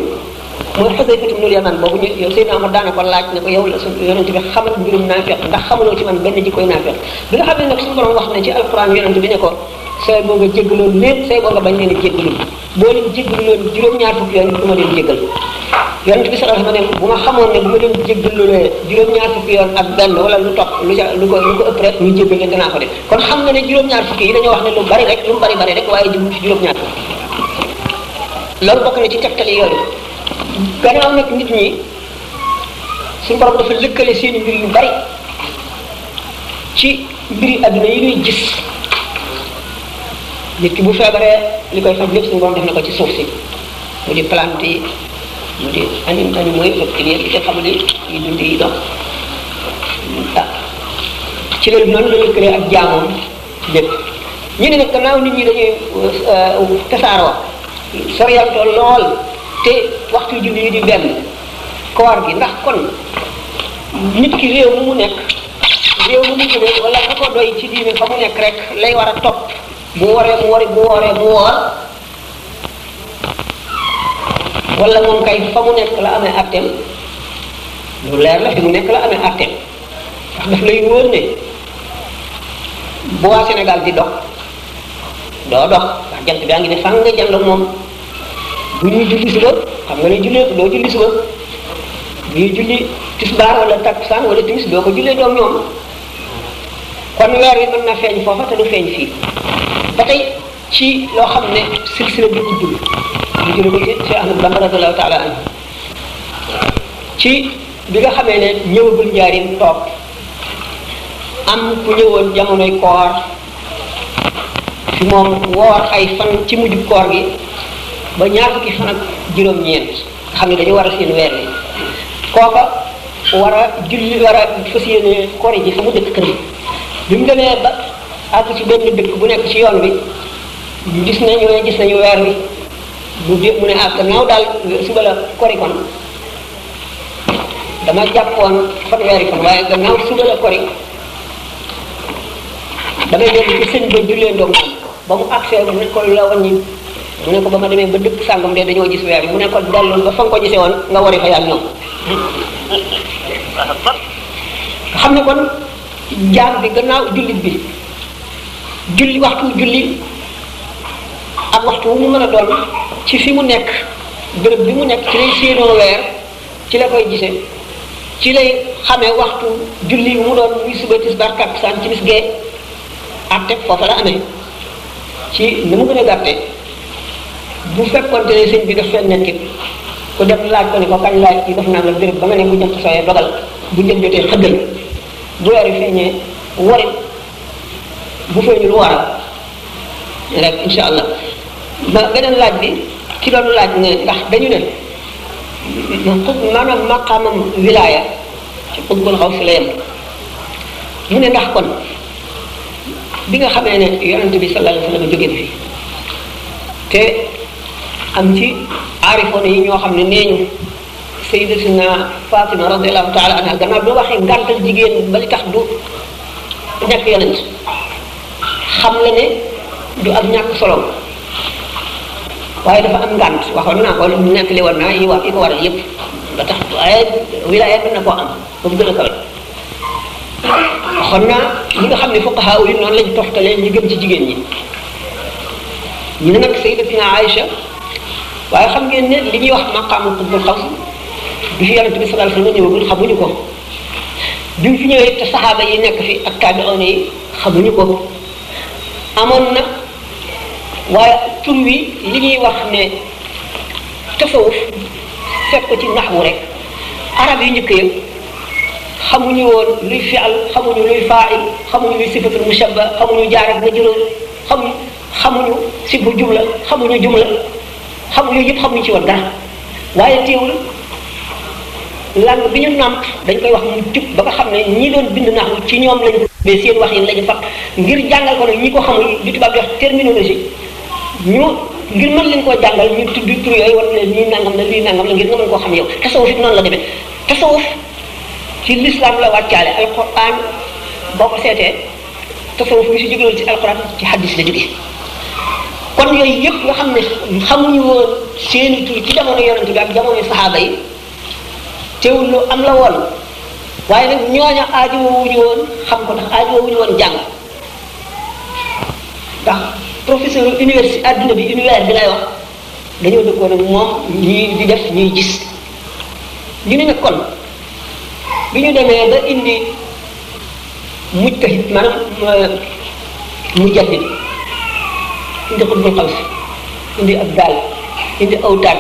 mooy Xusayfa ibnul Yaman boobu ñu yow Seydina Amar daana ko laaj ne ko yow la su yonent bi xamal mbirum naafiq ndax xamaloo ci man benn jikkoy naafiq bi nga xam ne nag suñu borom wax na ci alquran yonent bi ne ko say boo nga jéggaloon leen say boo nga bañ leen a jéggalul boo leen jéggaloon juróom-ñaar fukki yoon du ma leen jéggal yonent bi sallallahu alayhi wasallam ne bu ma xamoon ne bu ma leen jéggalulee juróom-ñaar fukki yoon ak benn wala lu topp lu ca lu ko lu ko ëpp rek ñu jéggal leen danaa ko def kon xam nga ne juróom-ñaar fukki yi dañoo wax ne lu bari rek lu mu bari bari rek waaye jëm ci juróom-ñaar fukki loolu bokk na ci tegtali yooyu gannaaw nag nit ñi suñu borom dafa lëkkale seeni mbir yu bari ci mbiri adduna yi ñuy gis nit ki bu feebaree li koy faj lépp suñu borom def na ko ci suuf si mu di plante yi mu di anim animaux yi reptiles yi nga xam ne yi dund yi dox ah, ci loolu noonu la lëkkalee ak jaamoom lépp ñu ne nag nit ñi dañuy euh, tasaaroo soriyantoo lool te waxtu julli yi di benn koor gi ndax kon nit ki réew mu mu nekk réew mu mu jógee wala ka ko doy ci diine fa mu nekk rek lay war a topp bu waree mu wari bu wooree mu woor wala moom kay fa mu nekk la amee atteem lu leer la fi mu nekk la amee atteem ndax lay wóor ne bu waa Sénégal di dox doo dox ndax jant bi ngi ne fang nga jànd ak moom bu ñuy julli suba xam nga ne jullee doo julli suba ñuy julli tisbaar wala takkusaan wala timis doo ko jullee doom ñoom kon weer wi mën na feeñ foofa te ba tey ci bi ci bi nga xamee ne ñëwagul njaarim toog am ku ñëwoon jamonoy koor fi moom woor ay fan ci mujjub koor gi ba ñaar fukki fan ak juróom-ñeent xam ne dañu war a seen weer wi kooka war a julli war a fas yéene kori ji fa mu dëkk kër bi mu demee ba àgg ci benn dëkk bu nekk ci yoon bi gis nañu gis nañu weer wi mu dé mu ne ak ah, naaw daal suba la kori kon dama jàppoon fanweeri fan waaye gannaaw suba la kori damay dellu ci sëñ ba jullee ndox ba mu àggsee mu ne la woon ni mu ne ko ba ma demee ba dëkk sàngam de dañoo gis weer mu ne ko dellu ba fa nga ko gisee woon nga wari fa yaag ñoom xam ne kon jaam bi gannaaw jullit bi julli waxtu julli ak waxtu wu mu mën a doon ci fi mu nekk béréb bi mu nekk ci lay séenoo weer ci la koy gise ci lay xamee waxtu julli mu doon muy suba tisbaar takkusaan timis gee ak teg la amee ci ni mu gën a gàttee bu fekkonte ne sëñ bi daf fee nekk ku dem laaj ko ni ko kañ laaj ci def naa la béréb ba nga ne bu jant sooyee dogal bu njëg jotee xëggal bu weer yi feeñee warit bu feeñul waral rek insha allah ba beneen laaj bi ci doon laaj ne ndax dañu ne maanaam maqaamam wilaaya ci xutbul xaw si la mu ne ndax kon bi nga xamee ne yonent bi sallallahu alayhi wa sallam jógeen fi te am ci aarifoon yi ñoo xam ne nee ñu sayyidatuna Fatima radiyallahu taala anha gannaaw bi waxee ngàntal jigéen ba li tax du nekk yonent xam la ne du ak ñàkk solo waaye dafa am ngànt waxoon naa ko nekk li war naa yi wax yi ko waral yépp ba tax waaye wilaaya mën koo am ba gën a kawe waxoon naa li nga xam ne fuqaha yi noonu lañ toxtalee ñu gëm ci jigéen ñi ñu ne nag sayyidatina Aïcha waaye xam ngeen ne li ñuy wax maqaamu xutbul xaw bi fi yonente bi sallallahu alayhi wa sallam ñëwagul xamuñu ko bi mu fi ñëwee te saxaaba yi nekk fi ak taabi'oon yi xamuñu ko amoon na waaye tur wi li ñuy wax ne tasawuf fekk ko ci naxwu rek arab yu njëkk yëpp xamuñu woon luy fi'al xamuñu luy faa'il xamuñu luy sifatul mushabba xamuñu jaar ak majruur xamuñu xamuñu sibu jumla xamuñu jumla xam yooyu yëpp xamuñu ci woon dara waaye teewul langue bi ñu nàmp dañ koy wax mu jub ba nga xam ne ñii doon bind nax ci ñoom lañ ba seen wax yi lañ fab ngir jàngal ko nag ñi ko xamul li tubaab di ñu ngir mën leen koo jàngal ñu tudd tur yooyu wala lii nangam la lii nangam la ngir nga mën koo xam yow tasawuf it noonu la demee tasawuf ci lislaam la wàccaale alquran boo ko seetee tasawuf bi si jógewoon ci alquran ci hadis la jógee kon yooyu yëpp nga xam ne xamuñu woon seeni tur ci jamono yonent bi ak jamono saxaaba yi teewul lu am la woon waaye nag ñooña aajowuñu woon xam ko ndax aajowuñu woon jàng ndax professeur université adduna bi univers bi lay wax dañoo dëkkoon moom ñii di def ñuy gis ñu ne nag kon bi ñu demee ba indi mujtahid maanaam euh, mujjahid indi xutbul xams indi ab daal indi awtaat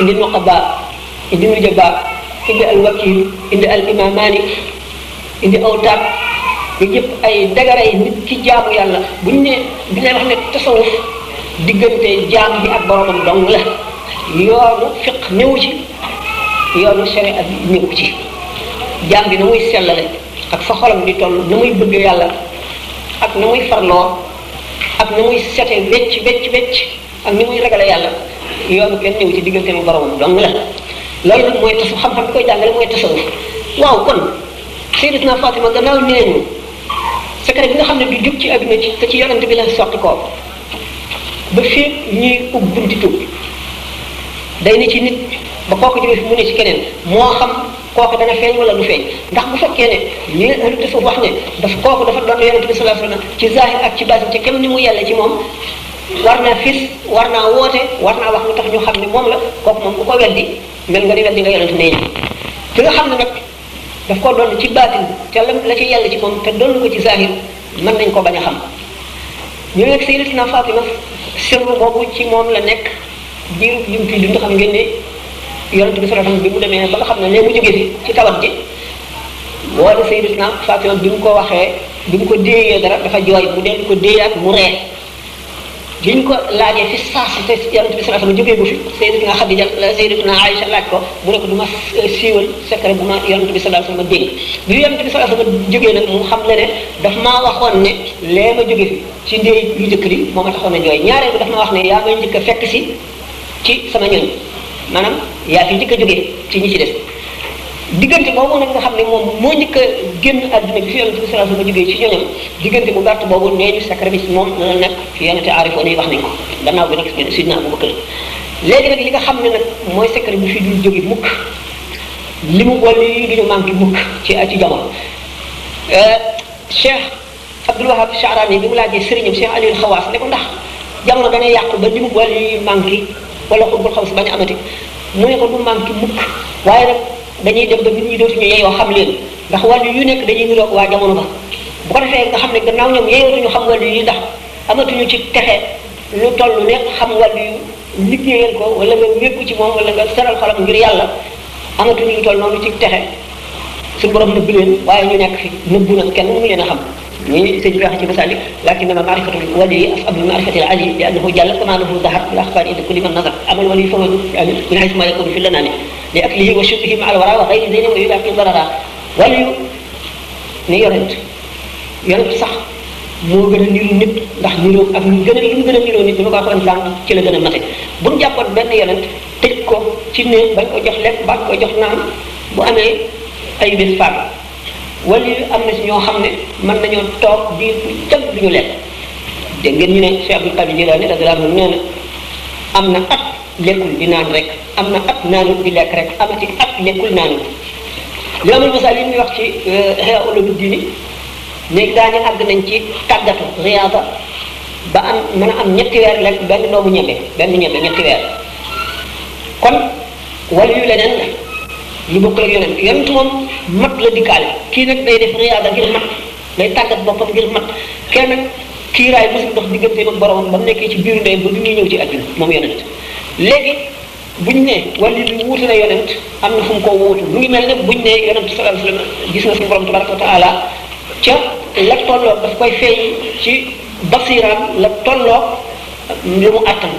indi noqaba indi nujaba indi alwakil indi al indi awtaat yooyu yëpp ay dagara yi nit ci jaamu yàlla buñ ne dina wax ne tasawuf diggante jaam bi ak boromam dong la yoonu fiq néew ci yoonu sere ak néew ci jaam bi na fa xolam di toll na muy bëgg yàlla ak na muy farloo ak ni muy setee wécc wécc wécc ak ni muy ragale yàlla yoon kenn ñëw ci diggante mu boromam dong la nag mooy tasu xam-xam bi koy jàngale mooy tasawuf waaw kon Sayyidatuna Fatima gannaaw nee ñu secret bi nga xam ne du jóg ci adduna ci te ci yonent bi la soqi koo ba fépp ñuy ub bunti tub day ne ci nit ba kooku jóge fi mu ne ci keneen moo xam kooku dana feeñ wala du feeñ ndax bu fekkee ne li rëdd suuf wax ne dafa kooku dafa doon yonent bi sallallahu alayhi wasallam ci zahir ak ci baatin ci kem ni mu yàlla ci moom war naa war naa woote war naa wax lu tax ñu xam ne moom la kooku moom bu ko weddi mel nga ni weddi nga yonent nee ki xam ne nag daf ko doon ci baatin te la ci yàlla ci moom te doon ko ci zahir man nañ koo bañ a xam ñu nekk sayyidatina Fatima sirru boobu ci moom la nekk biiru bi mu fi dund xam ngeen ne yonent bi sallallahu alayhi wasallam bi mu demee ba nga xam ne léegi mu jógee fi ci tawat ji woote Sayyidatuna Fatima bi mu ko waxee bi ko déeyee dara dafa jooy mu dellu ko déeyaat mu ree bi ko laajee fi saa si te yonent bi sallallahu alayhi wasallam jógee bu fi Sayyidatuna Xadija Sayyidatuna Aïcha laaj ko mu ne ko du ma siiwal secret bu ma yonent bi sallallahu alayhi wasallam dégg bi yonent bi sallallahu alayhi wasallam xam la ne dafa maa waxoon lee ma jóge fi ci ndéey yu njëkk li moo ma taxoon a jooy ñaareel bi dafa ma wax ne yaa may njëkk a fekk si ci sama ñoñ maanaam yaa fi njëkk a ci ñi ci des diggante boobu nag nga xam ne moom moo njëkk a génn àdduna bi fi yonente bi sallallahu alayhi wasallam jógee ci ñooñam diggante bu gàtt boobu nee ñu sacrifice moom dana nekk fi yonente aarifoon yi wax nañ ko gannaaw bi nag sidna Abu Bakar léegi nag li nga xam ne nag mooy secret bi fi dul jóge mukk li mu wàll yi duñu manqué mukk ci ci jamono euh, Cheikh Abdul Wahab Sha'rani bi mu laajee sëriñam Cheikh Aliou Xawaas ne ko ndax jamono dana yàqu ba li mu wàll yi wala xutbul xam si bañ amati mu ne ko du manqué mukk waaye dañuy dem ba nit ñi dootuñu yeyoo xam leen ndax wàllu yu nekk dañuy niroog waa jamono ba bu ko defee nga xam ne gannaaw ñoom yeyootuñu xam wàllu yi ndax amatuñu ci texe lu toll ne xam wàllu yu liggéeyal ko wala nga wékku ci moom wala nga seral xolam ngir yàlla amatuñu ñu toll noonu ci texe su borom nëbb leen waaye ñu nekk fi nëbbu nag kenn mu leen a xam ñooñu sëñ bi wax ci masalik lakin ma maarifatul wali asabul maarifatil ali li annahu jàlla kamaaluhu dahar bil axbaar inda kulli man nazar amal wali fa ma yakunu fi lanaami li aklihi wa ma al wara wa xayri zeyni wa yulaqi darara waliyu ni sax moo gën a niru nit ndax niroo ak ñu gën a lu gën a niroo nit ñu ma ko waxoon sànq ci la gën a mate bu ñu jàppoon benn yonent tëj ko ci néeg bañ ko jox lekk bañ ko jox naan bu amee ay bés faatu wala yu am na si ñoo xam ne mën nañoo toog diir bu jëm du ñu lekk dégg ñu ne Cheikh Abdul Qadir Jilaani a anhu am na at lekkul di naan rek am na at naanut di lekk rek amati at lekkul naanut li amul misaal yi ñuy wax ci xeex olomu diini léegi daañu àgg nañ ci tàggatu riyaada ba am mën a am ñetti weer lekk benn doomu ñebe benn ñebe ñetti weer kon wala yu leneen la lu bokkul ak yonent yonent moom mat la dikkaale kii nag day def riyaada ngir mat day tàggat boppam ngir mat kenn nag kiiraay mosul dox digganteem ak boromam ba mu nekkee ci biiru ndey ba bi ñuy ñëw ci àdduna moom yonent léegi buñ ne wàllu lu wuute na yonent am na fu mu ko wuutu mu ngi mel ne buñ ne yonent sallallahu alayhi wasallam gis na suñu borom tabaraka wa taala ca la tolloog daf koy feeñ ci basiiraam la tolloog lu mu àttan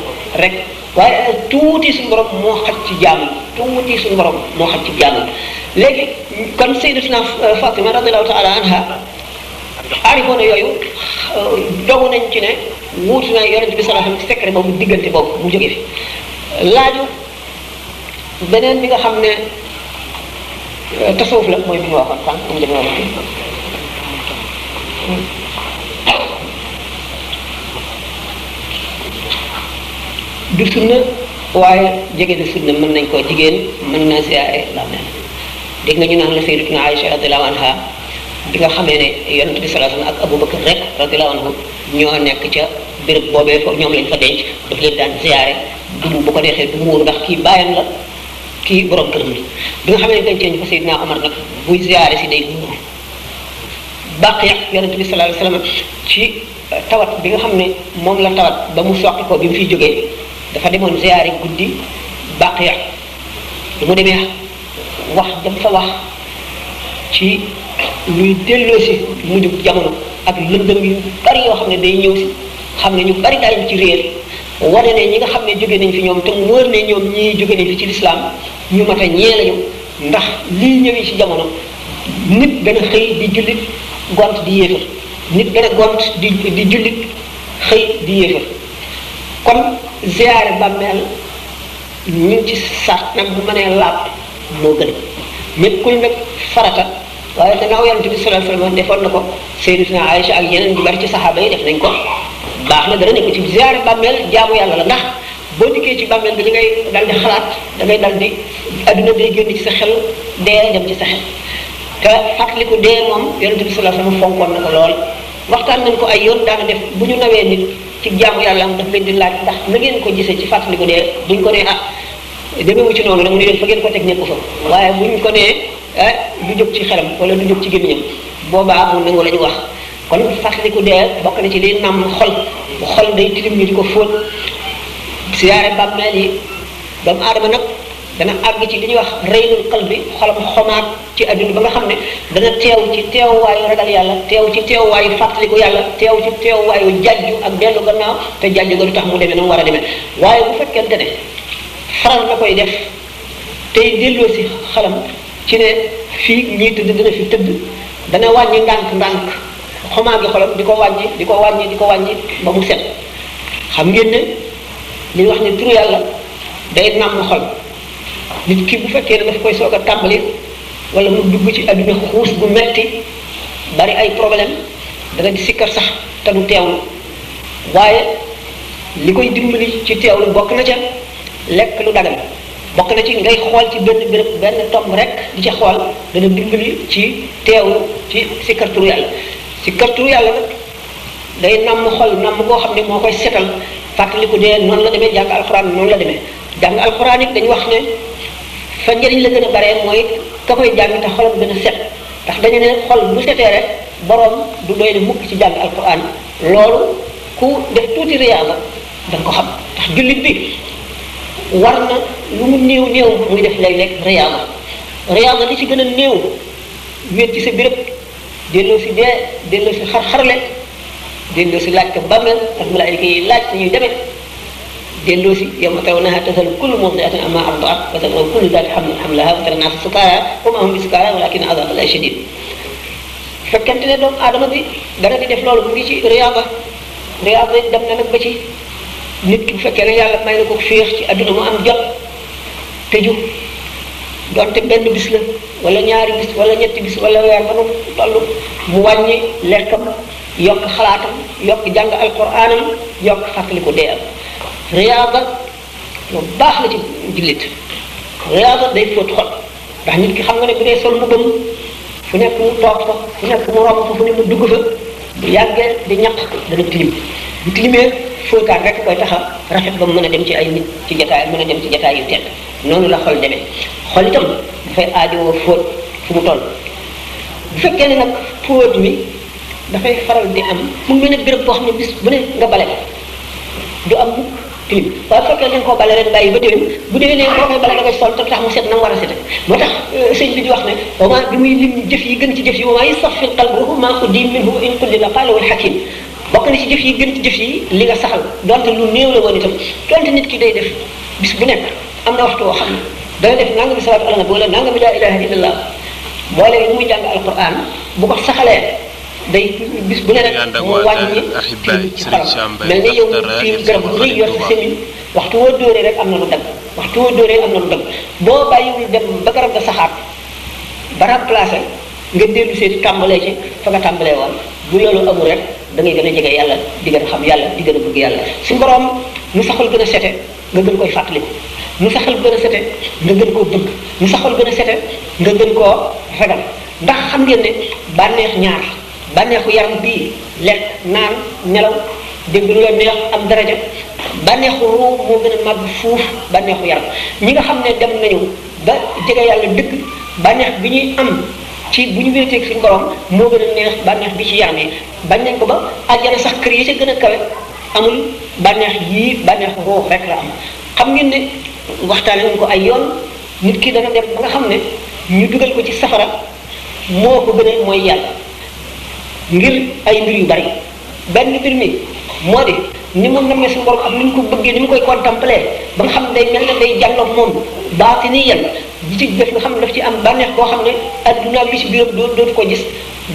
rek waaye tuuti suñu borom moo xaj ci jaamu tuuti suñu borom moo xaj ci jaamu léegi kon sayyidatuna euh, Fatima radiyallahu taala anha aarifoona yooyu euh, dogu nañ ci ne wuutu na yonent bi sallallahu alayhi wasallam ci secret boobu diggante boobu mu jógee fi laaju beneen bi nga xam ne euh, tasawuf la mooy bi ñu waxoon sànq mu demee woon du waaye jege na sunna mën nañ koy jigéen mën na siyaare la dégg nga ñu naan la sayyidatuna Aïcha radiyallahu anha bi nga xamee ne yonent bi sallallahu alayhi wasallam ak Abubakar rek radiyallahu anhu ñoo nekk ca béréb boobee foofu ñoom lañ fa denc daf leen daan ziyaare du bu ko neexee du muur ndax kii bàyyam la kii borom këram la bi nga xamee ne dencee ñu fa Seydina Omar nag buy ziyaare si day muur Baqiya yonent bi sallallahu alayhi wasallam ci tawat bi nga xam ne moom la tawat ba mu soqi ko bi mu fiy jógee dafa demoon ziyaare guddi Baqiya bi mu demee wax jam fa wax ci luy delloo si mujjub jamono ak lëndëm yu bari yoo xam ne day ñëw si xam ne ñu bari daal ci réer wane ne ñi nga xam ne jóge nañ fi ñoom te mu wër ne ñoom ñii jóge nañ fi ci lislaam ñu mat a ñee lañu ndax lii ñëwee ci jamono nit gën a xëy di jullit gont di yéefar nit gën a gont di di jullit xëy di yéefar kon ziyaare bàmmeel ñu ci sart nag bu mënee làpp moo gën ñépp kuy nekk farata waaye gannaaw yonent bi sallallahu alayhi wasallam defoon na ko Sayyidatuna Aïcha ak yeneen ñu bari ci saxaaba yi def nañ ko baax na dara nekk ci ziyaare bàmmeel jaamu yàlla la ndax boo dikkee ci bàmmeel bi li ngay dal di xalaat da ngay dal di adduna day ci sa xel dee dem ci sa xel te fàttaliku dee moom yonent bi sallallahu alayhi wasallam na ko lool waxtaan nañ ko ay yoon daana def bu ñu nawee nit ci jaamu yàlla am daf leen di laaj ndax na ngeen ko gisee ci fàttaliku dee buñ ko nee ah demewu ci noonu nag mu ne leen fa ngeen ko teg ñekku fa waaye ñu ko nee ah du jóg ci xelam wala du jóg ci gémmiñam boobaa mu nangu la ñu wax kon fàttaliku dee bokk na ci liy nam xol xol day tilim ñu di ko fóot siyaare bàmmeel yi doomu aadama nag dana àgg ci li ñuy wax reynul qalbi xolam xomaat ci adduna ba nga xam ne dana teew ci teewaayu ragal yàlla teew ci teewaayu fàttaliku yàlla teew ci teewaayu jajju ak dellu gannaaw te jajju ga du tax mu deme na mu war a demee waaye bu fekkente ne faral na koy def tey delloo si xalam ci ne fii ñii tëdd dana wàññi ndànk ndànk xomaa gi di ko wàññi di ko wàññi di ko wàññi ba mu set xam ngeen ne wax ne turu yàlla day nàmm xol nit ki bu fekkee ne dafa koy soog a tàmbali wala mu dugg ci adduna xuus bu metti bari ay problème dana di sikkar sax te mu teewlu waaye li koy dimbali ci teewlu bokk na ca lekk lu dagan bokk na ci ngay xool ci benn béréb benn tomb rek di ci xool dana dimbali ci teewlu ci sikkar turu yàlla ci turu yàlla nag day namm xol namm koo xam ne moo koy setal fàttaliku dee noonu la demee jàng alxuraan noonu la demee jàng alxuraan it dañu wax ne fa njëriñ la gën a bare mooy ka koy jàng te xolam gën a set ndax dañu ne xol bu setee rek boroom du doy ne mukk ci jàng alxuraan loolu ku def tuuti riyaada da ko xam ndax jullit bi war na lu mu néew néew muy def léeg-léeg riyaada riyaada li ci gën a néew wéet ci sa béréb delloo si dee delloo si xar-xarle delloo si laaj ak malaayika yi laaj nañuy demee delloo si yawma tarawnahaa tazhalu kullu murdi'atin ammaa arda'at wa tad'u kullu dhaati hamlin hamlahaa wa taraa naasa sukaaraa wa maa hum bisukaaraa walaakinna 'adhaaba bi dara di def loolu mu ngi ci riyaada riyaada dem na nag ba ci nit ki bu fekkee ne yàlla may na ko féex ci adduna mu am jot tëju donte benn bis la wala ñaari bis wala ñetti gis wala weer ba mu toll mu wàññi lekkam yokk xalaatam yokk jàng alquraanam yokk fàttaliku dee am riyaada lu baax la ci jullit riyaada day fóot xol ndax nit ki xam nga ne bu dee sol mu bëm fu nekk mu toog fa fu nekk mu romb fa fu ne mu dugg fa bu yàggee di ñaq dana tilim bu tilimee fóotaan rek koy taxa rafet ba mën a dem ci ay nit ci jataay mën a dem ci jataay yu tedd noonu la xol demee xol itam dafay aajowoo fóot fu mu toll bu fekkee ne nag fóot mi dafay faral di am mu ngi mel ne xam ne bis bu ne nga bale du am tilim waaye bu fekkee ne nga koo bale ren bàyyi ba déwén bu déwénee boo koy bale da ngay sol te tax mu set na war a sete moo tax euh, sëñ bi di wax ne moment bi muy lim jëf yi gën ci jëf yi moment yi sax fil qalbi maa uddi minhu in kulli la qaala wal hakim bokk na ci jëf yi gën ci jëf yi li nga saxal donte lu néew la woon itam donte nit ki day def bis bu nekk am na waxtu woo xam ne dana def nangami salaatu ala nabi wala nangami laa ilaha illallah boole yi muy jàng alquran bu ko saxalee day bis bu ne rek mu wàññi ci xolam mel ne yow tiim garab bu rëy yor sa semin waxtu woo dóoree rek am na lu dagg waxtu woo dóoree am na lu dagg boo bàyyiwul dem ba garab ga saxaat ba remplacé nga dellu seeti tàmbalee ci fa nga tàmbalee woon bu loolu amul rek da ngay gën a jege yàlla di gën a xam yàlla di gën a bëgg yàlla suñu borom mu saxal gën a nga gën koy fàttaliku mu saxal gën a sete nga gën koo bëgg mu saxal gën a sete nga gën koo ragal ndax xam ngeen ne bànneex ñaar bànneexu yaram bii lekk naan nelaw dégg lu la neex am daraja bànneexu ruu moo gën a màgg fuuf bànneexu yaram ñi nga xam ne dem nañu ba jege yàlla dëgg bànneex bi ñuy am ci bu ñu wéeteeg si borom moo gën a neex bànneex bi ci yaane bañ ko ba àjjana sax kër yi ca gën a kawe amul bànneex yii bànneex ruux rek la am xam ngeen ne waxtaane nañ ko ay yoon nit ki dana dem ba nga xam ne ñu dugal ko ci safara moo ko gën a mooy yàlla ngir ay mbir yu bari benn mbir mi moo di ni mu nammee suñu borom ak ni mu ko bëggee ni mu koy contempler ba nga xam ne day mel ne day jàlloog moom baati ni yàlla di ci def nga xam ne daf ci am bànneex boo xam ne adduna li ci biiram dootu ko gis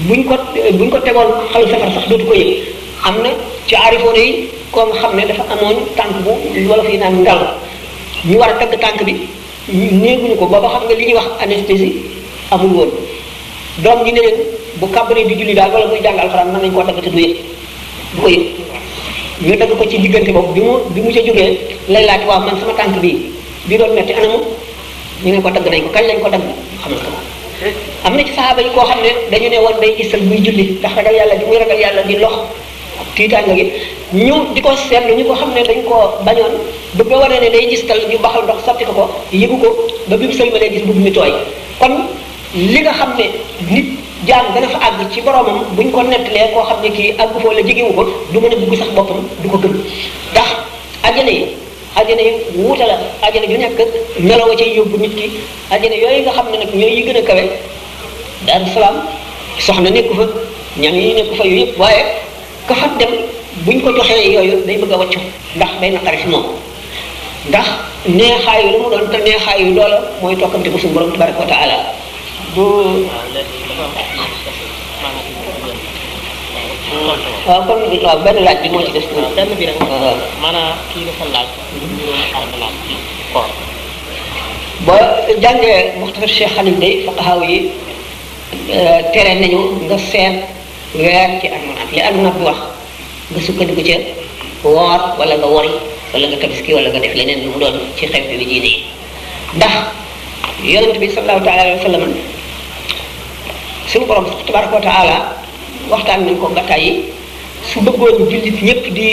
buñ ko buñ ko tegoon xalu safar sax dootu ko yëg am na ci aarifoon yi comme xam ne dafa amoon tànk bu wala fi naan ngal ñu war a tagg tànk bi néeguñu ko booba xam nga li ñuy wax anesthésie amul woon doom ñi ne leen bu kàbbaree di julli daal wala muy jàng alxuraan mën koo dagg te du yëg du ko yëg ñu dagg ko ci diggante boobu bi mu bi mu ca jógee lay laaj waaw man sama tànk bi bi doon metti anamu ñu ne ko dagg nañ ko kañ lañ ko dagg xamal ko am na ci saxaaba yi koo xam ne dañu ne woon day gisal buy julli ndax ragal yàlla di muy ragal yàlla di lox ak tiitaanga gi ñu di ko seetlu ñu ko xam ne dañ koo bañoon bu ba waree ne day gistal ñu baxal ndox sotti ko ko yëgu ko ba bi mu sëlmalee gis mbubb mi tooy kon li nga xam ne nit jaam dana fa àgg ci boromam buñ ko nettalee koo xam ne kii àggu foo la jegewu ko du mën a dugg sax boppam du ko gëm ndax àjjana yi àjjana yi wuute la àjjana nekk melo nga cay yóbbu nit ki àjjana yooyu nga xam ne nag ñooy yi gën a kawe Daaru Salaam soxna nekku fa ñam yi nekku fa yooyu yëpp waaye ka fa dem buñ ko joxee yooyu day bëgg a wàccu ndax day naqari si moom ndax neexaayu lu mu doon te neexaayu loola mooy tokkante ko suñu borom tabaraka wa taala bu waaw kon waaw benn laaj bi moo ci des. bi rek. waaw ah. maanaam kii dafa laaj. ba jàngee yi eh, tere nañu nga seet weer ci almanab li almanab bi wax nga sukkandiku ca woor wala nga wori wala nga tabaski wala nga def leneen lu mu doon ci xew bi diine yi ndax yonent bi sallallahu taala alayhi wa sallam borom tabaraka wa waxtaan nañ ko nga tàyyi su bëggoon jullit ñëpp di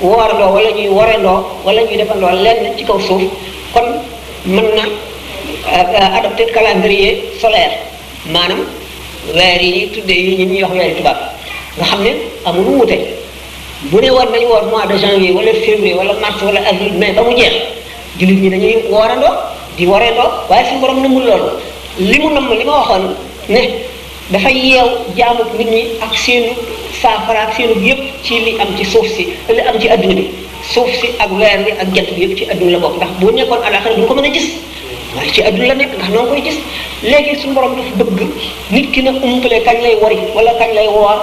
woorandoo wala ñuy worandoo wala ñuy defandoo lenn ci kaw suuf kon mën na euh, adopté calendrier solaire maanaam weer yi tuddee yi ñun ñuy wax weeri tubaab nga xam ne amul wuute bu ne war nañ woor mois de janvier wala février wala mars wala avril mai ba mu jeex jullit ñi dañuy woorandoo di worandoo waaye suñu borom namul loolu li mu namm li ma waxoon ne dafa yeew jaamu nit ñi ak seenu saafara ak seenu yëpp ci li am ci suuf si li am ci adduna bi suuf si ak weer bi ak jant bi yëpp ci adduna la bokk ndax bu nekkoon alaxira du ñu ko mën gis waaye ci adduna la nekk ndax noo koy gis léegi suñu borom dafa bëgg nit ki na umpale kañ lay wari wala kañ lay woor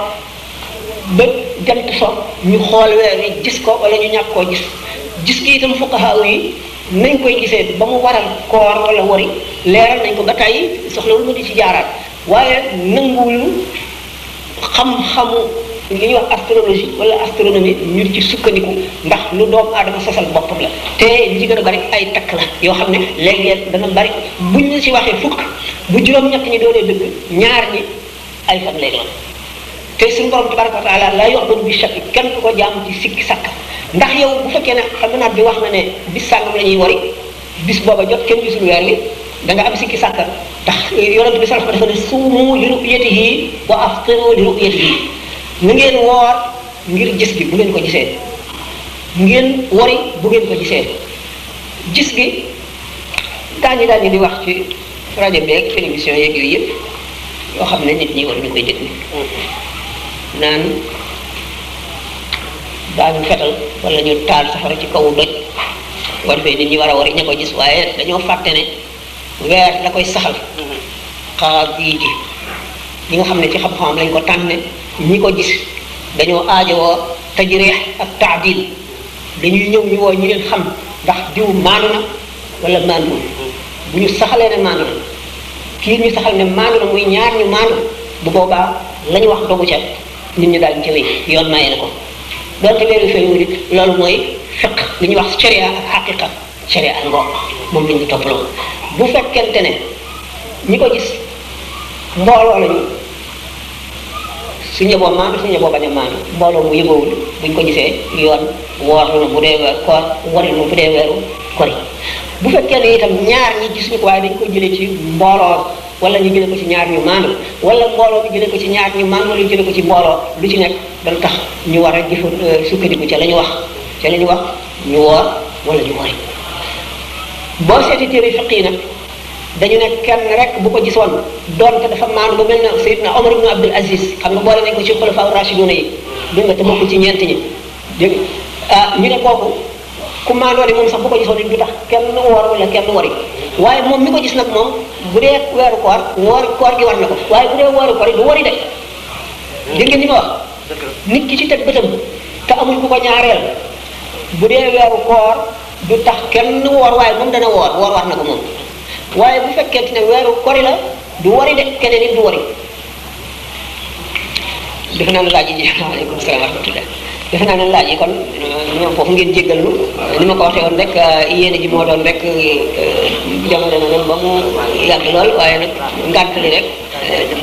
ba jant so ñu xool weer wi gis ko wala ñu ñàkk koo gis gis ki itam fuqaha yi nañ koy gisee ba mu waral koor wala wari leeral nañ ko ba tàyyi di ci jaaraat waaye nanguwul xam-xamu li ñuy wax astrologie wala astronomie ñu ci sukkandiku ndax lu doomu aadama sosal boppam la te li ci gën a ay takk la yoo xam ne léeg-léeg dana bari buñ la si waxee fukk bu juróom-ñett ñi doonee dëgg ñaar ñi ay fan lay doon te suñu borom tabaraka wa taala la yox doon bi shakk kenn ku ko jaamu ci sikki sàkk ndax yow bu fekkee ne xam naa bi wax na ne bis sàngam la ñuy wari bis booba jot kenn gisul weer li da nga am sikki sàkka ndax yonent bi sallallahu alayhi wasallam dafa ne suumu li ru'yatihi wa aftiru li ru'yatihi na ngeen woor ngir gis gi bu ngeen ko gisee ngeen wori bu ngeen ko gisee gis gi gaa ñi di wax ci rajo beeg télévision yeeg yooyu yëpp yoo xam ne nit ñi war ñu koy déglu naan daañu fetal wala ñu taal safara ci kawu doj war fee nit ñi war a wari ña ko gis waaye dañoo fàtte ne weer la koy saxal mhm. xaar bii ji ñi nga xam ne ci xam-xam lañ ko tànne ñi ko gis dañoo aajowoo tajriix ak taadil dañuy ñëw ñu woo ñu leen xam ndax diw maanu na wala maanu mhm. bu ñu saxalee ne maanu na kii ñu saxal ne maanu na muy ñaar ñu maanu bu boobaa la ñu wax dogu ca nit ñi daal ñu ca wéy yoon maye na ko donte weeru feeñu loolu mooy fiq li ñuy wax sharia ak xaqiqa sharia ngoo moom la ñu toppaloo bu fekkente ne ñu ko gis mbooloo lañu suñu yeboo maandu suñu yeboo bañ a maandu mbooloo mu yëgoowul buñ ko gisee yoon woor na bu dee weer koor wari na bu dee weeru kori bu fekkee ne tam ñaar ñi gisuñu ko waaye dañ ko jëlee ci mbooloo wala ñu jëlee ko ci ñaar ñu maandu wala mbooloo bi jëlee ko ci ñaar ñu maandu wala ko ci mbooloo lu ci nekk dana tax ñu war a jëfa euh, sukkandiku ca la ñu wax ca la ñu wax ñu woor wala ñu wari boo seeti téere fiq yi nag dañu ne kenn rek bu ko gisoon doonte dafa maandu ba mel na Seydina Omar ibn Abdul Aziz xam nga boole nañ ko ci xulafaa rashiduna yi dégg nga ci ñeent ñi dégg ah ñu ne kooku ku maandoo ne moom sax bu ko gisoon du tax kenn woor wala kenn wari waaye moom mi ko gis nag moom bu dee weeru koor woor koor gi war na ko waaye bu dee weeru koor yi du wari de dégg ngeen ni ko wax nit ki ci teg bëtam te amul ku ko ñaareel bu dee weeru koor du tax kenn woor waaye moom dana woor woor war na ko moom waaye bu fekkente ne weeru kori la du wari de keneen it du wari defe naa ne laaj yi waaleykum salaam wa rahmatullah defe naa ne laaj yi kon euh, ñoom foofu ngeen jéggal lu ni ma ko waxee woon rek euh, yéene ji moo doon rek euh, jamono na nen ba mu yàgg lool waaye nag ngànt li rek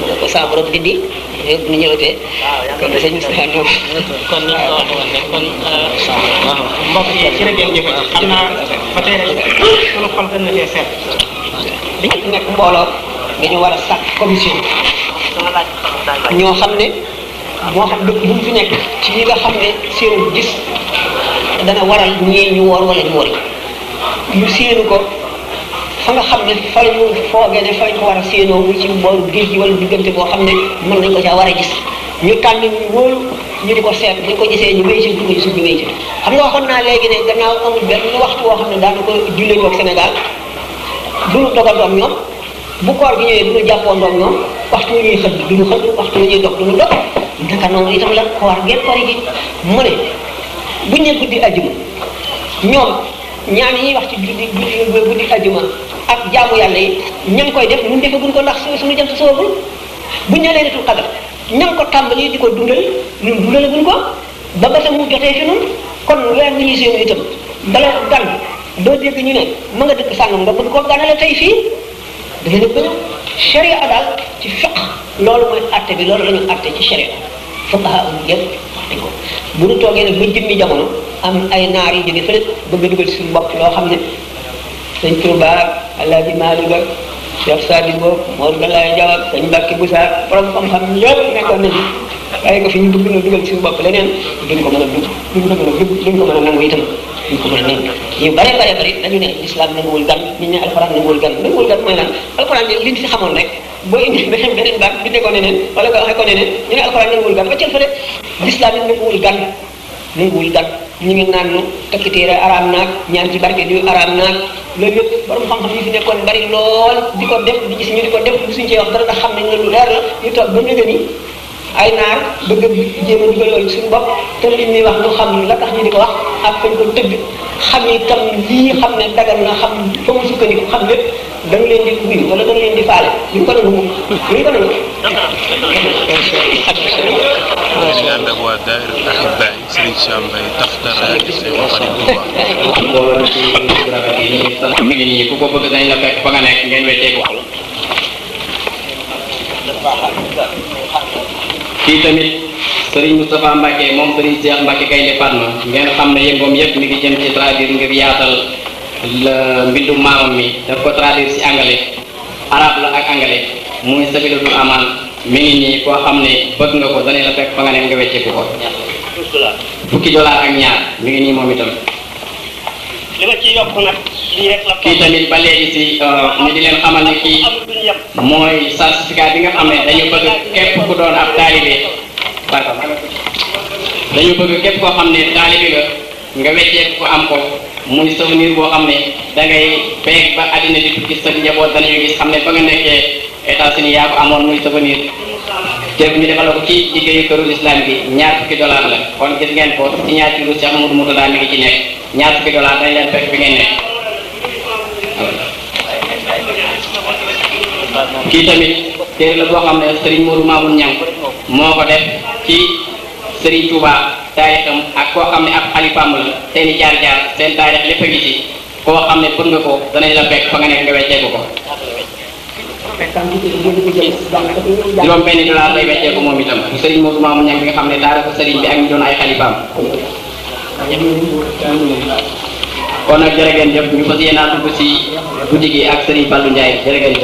la ko saa borom dindi yëpp ko waxee euh, xam naa ba tey rek nekk mbooloo dañu war a sàkk commission. ñoo xam ne moo xam dëkk bu mu nekk ci ñi nga xam ne seenu gis dana waral ñii ñu woor wala ñu wari ñu séenu ko. fa nga xam ne fa ñu foogee ne fa ñu ko war a séenoo mu ci booru géej gi wala diggante boo xam ne mën nañ ko caa war a gis ñu tànn ñu wóolu ñu di ko seet bu ñu ko gisee ñu wéy ci dugg ci xam nga waxoon naa léegi ne gannaaw amul benn waxtu woo xam ne daana ko jullee ñoom Sénégal duñu dogandoom ñoom bu koor ñoom waxtu ñuy xëdd duñu xëdd waxtu ñuy dog duñu dog naka noonu itam la koor geen kori gi mu ne buñ ne guddi ajjuma ñoom ñaan yi ñuy wax ci guddi guddi guddi ajuma ak jaamu yàlla yi ña koy def ñun defaguñ ko ndax suñu jant soobul buñ ne laylatul qadr ña ngi ko tàmbali di ko dundal ñun dundalaguñ ko ba ba mu jotee fi noonu kon weer wi ñuy séenu itam bala gan doo dégg ñu ne ma nga dëkk sàngam nga bëgg ko ganale tey fii da ngeen a bañ daal ci fiq loolu mooy atte bi loolu la ñu ci sharia fuqaha yëpp wax nañ bu nu toogee nag ba jëmmi jamono am ay naar yu jóge fële bëgg a dugal suñu bopp loo xam ne sëñ Tuubaa Alaaji Maalik Cheikh Sadio Mbow Mor Galaye Diaw ak Sëñ Mbàkke Busa borom xam-xam ñëpp nekkoon na ci waaye ko fi ñu dugg na dugal suñu bopp leneen duñ ko mën a dugg duñ ko mën a dugg duñ ko mën a nangu itam duñ ko mën a nangu yu bare bare bare dañu ne lislaam nanguwul gan nit ñi mooy lan alxuraan bi liñ fi xamoon rek boo indi beneen beneen baat bindee ko neneen wala ñu ne alxuraan nanguwul gan ba cël néeguy dal ñu ngi naan nu takki téere araam naag ñaan ci barke di araam naag loolu yëpp borom xam-xam yi fi nekkoon bari lool di ko def di gis ñu di ko def bu suñu cee wax dara ndax xam ne ñu toog ba njëkk ni ay a jéem a dugal loolu suñu bopp te li ñuy wax ñu xam la tax ñu di ko wax ak fañ ko tëgg xam itam lii xam ne dagal na xam fa sukkandiku xam lépp dañu leen di wuyu wala dañu leen di faale ñu ngi ko doon wut ñu ngi ko doon ànd ak waa daayira Ahibahi Serigne Sam Mbaye taxtara mi ngi nii ku ko bëgg dañ la fekk fa nga nekk ngeen wetteeku kii tamit Serigne Moustapha Mbacke moom Serigne Cheikh Mbacke Gaynde Fatma ngeen xam ne yëngoom yëpp mi ngi jëm ci traduire ngir yaatal la mbindum maamam mi daf ko traduire ci anglais arabe la ak anglais muy sabilatul amaan mi ngi nii koo xam ne bëgg nga ko dana la fekk fa nga ne nga ko fukki dollar ak ñaar ba léegi euh, leen xamal ne kii bi nga xam ne dañu bëgg képp ku koo xam ne taalibe nga nga weccee ko am ko muy souvenir boo xam ne da ngay feeg ba àddina di tukki sa njaboot danañu gis xam ne fa nga nekkee états yaa ko amoon muy souvenir te ñu defal ko ci liggéeyu këru islam bi ñaar fukki la kon gis ngeen ko ci ñaar ci lu Cheikh Amadou Moutada mi ngi ci nekk ñaar fukki dollar dañ leen fekk fi ngeen nekk kii tamit téere la boo xam ne Serigne Modou Mamoun Niang moo ko def ci Serigne Touba taarixam ak koo xam ne ak xalifaam la seen i jaar-jaar seen taarix lépp a koo xam ne bëgg nga ko danañ la fekk fa nga nekk nga wecceeku ko juróom benn dollar lay wecceeku moom itam bu sëriñ Moodu Maamu Ñaŋ bi nga xam ne daara ko sëriñ bi ak ñu doon ay xalifaam kon nag jërëgeen jëf ñu fas yéenaa dugg si guddi gi ak sëriñ Fallou Ndiaye jërëgeen jëf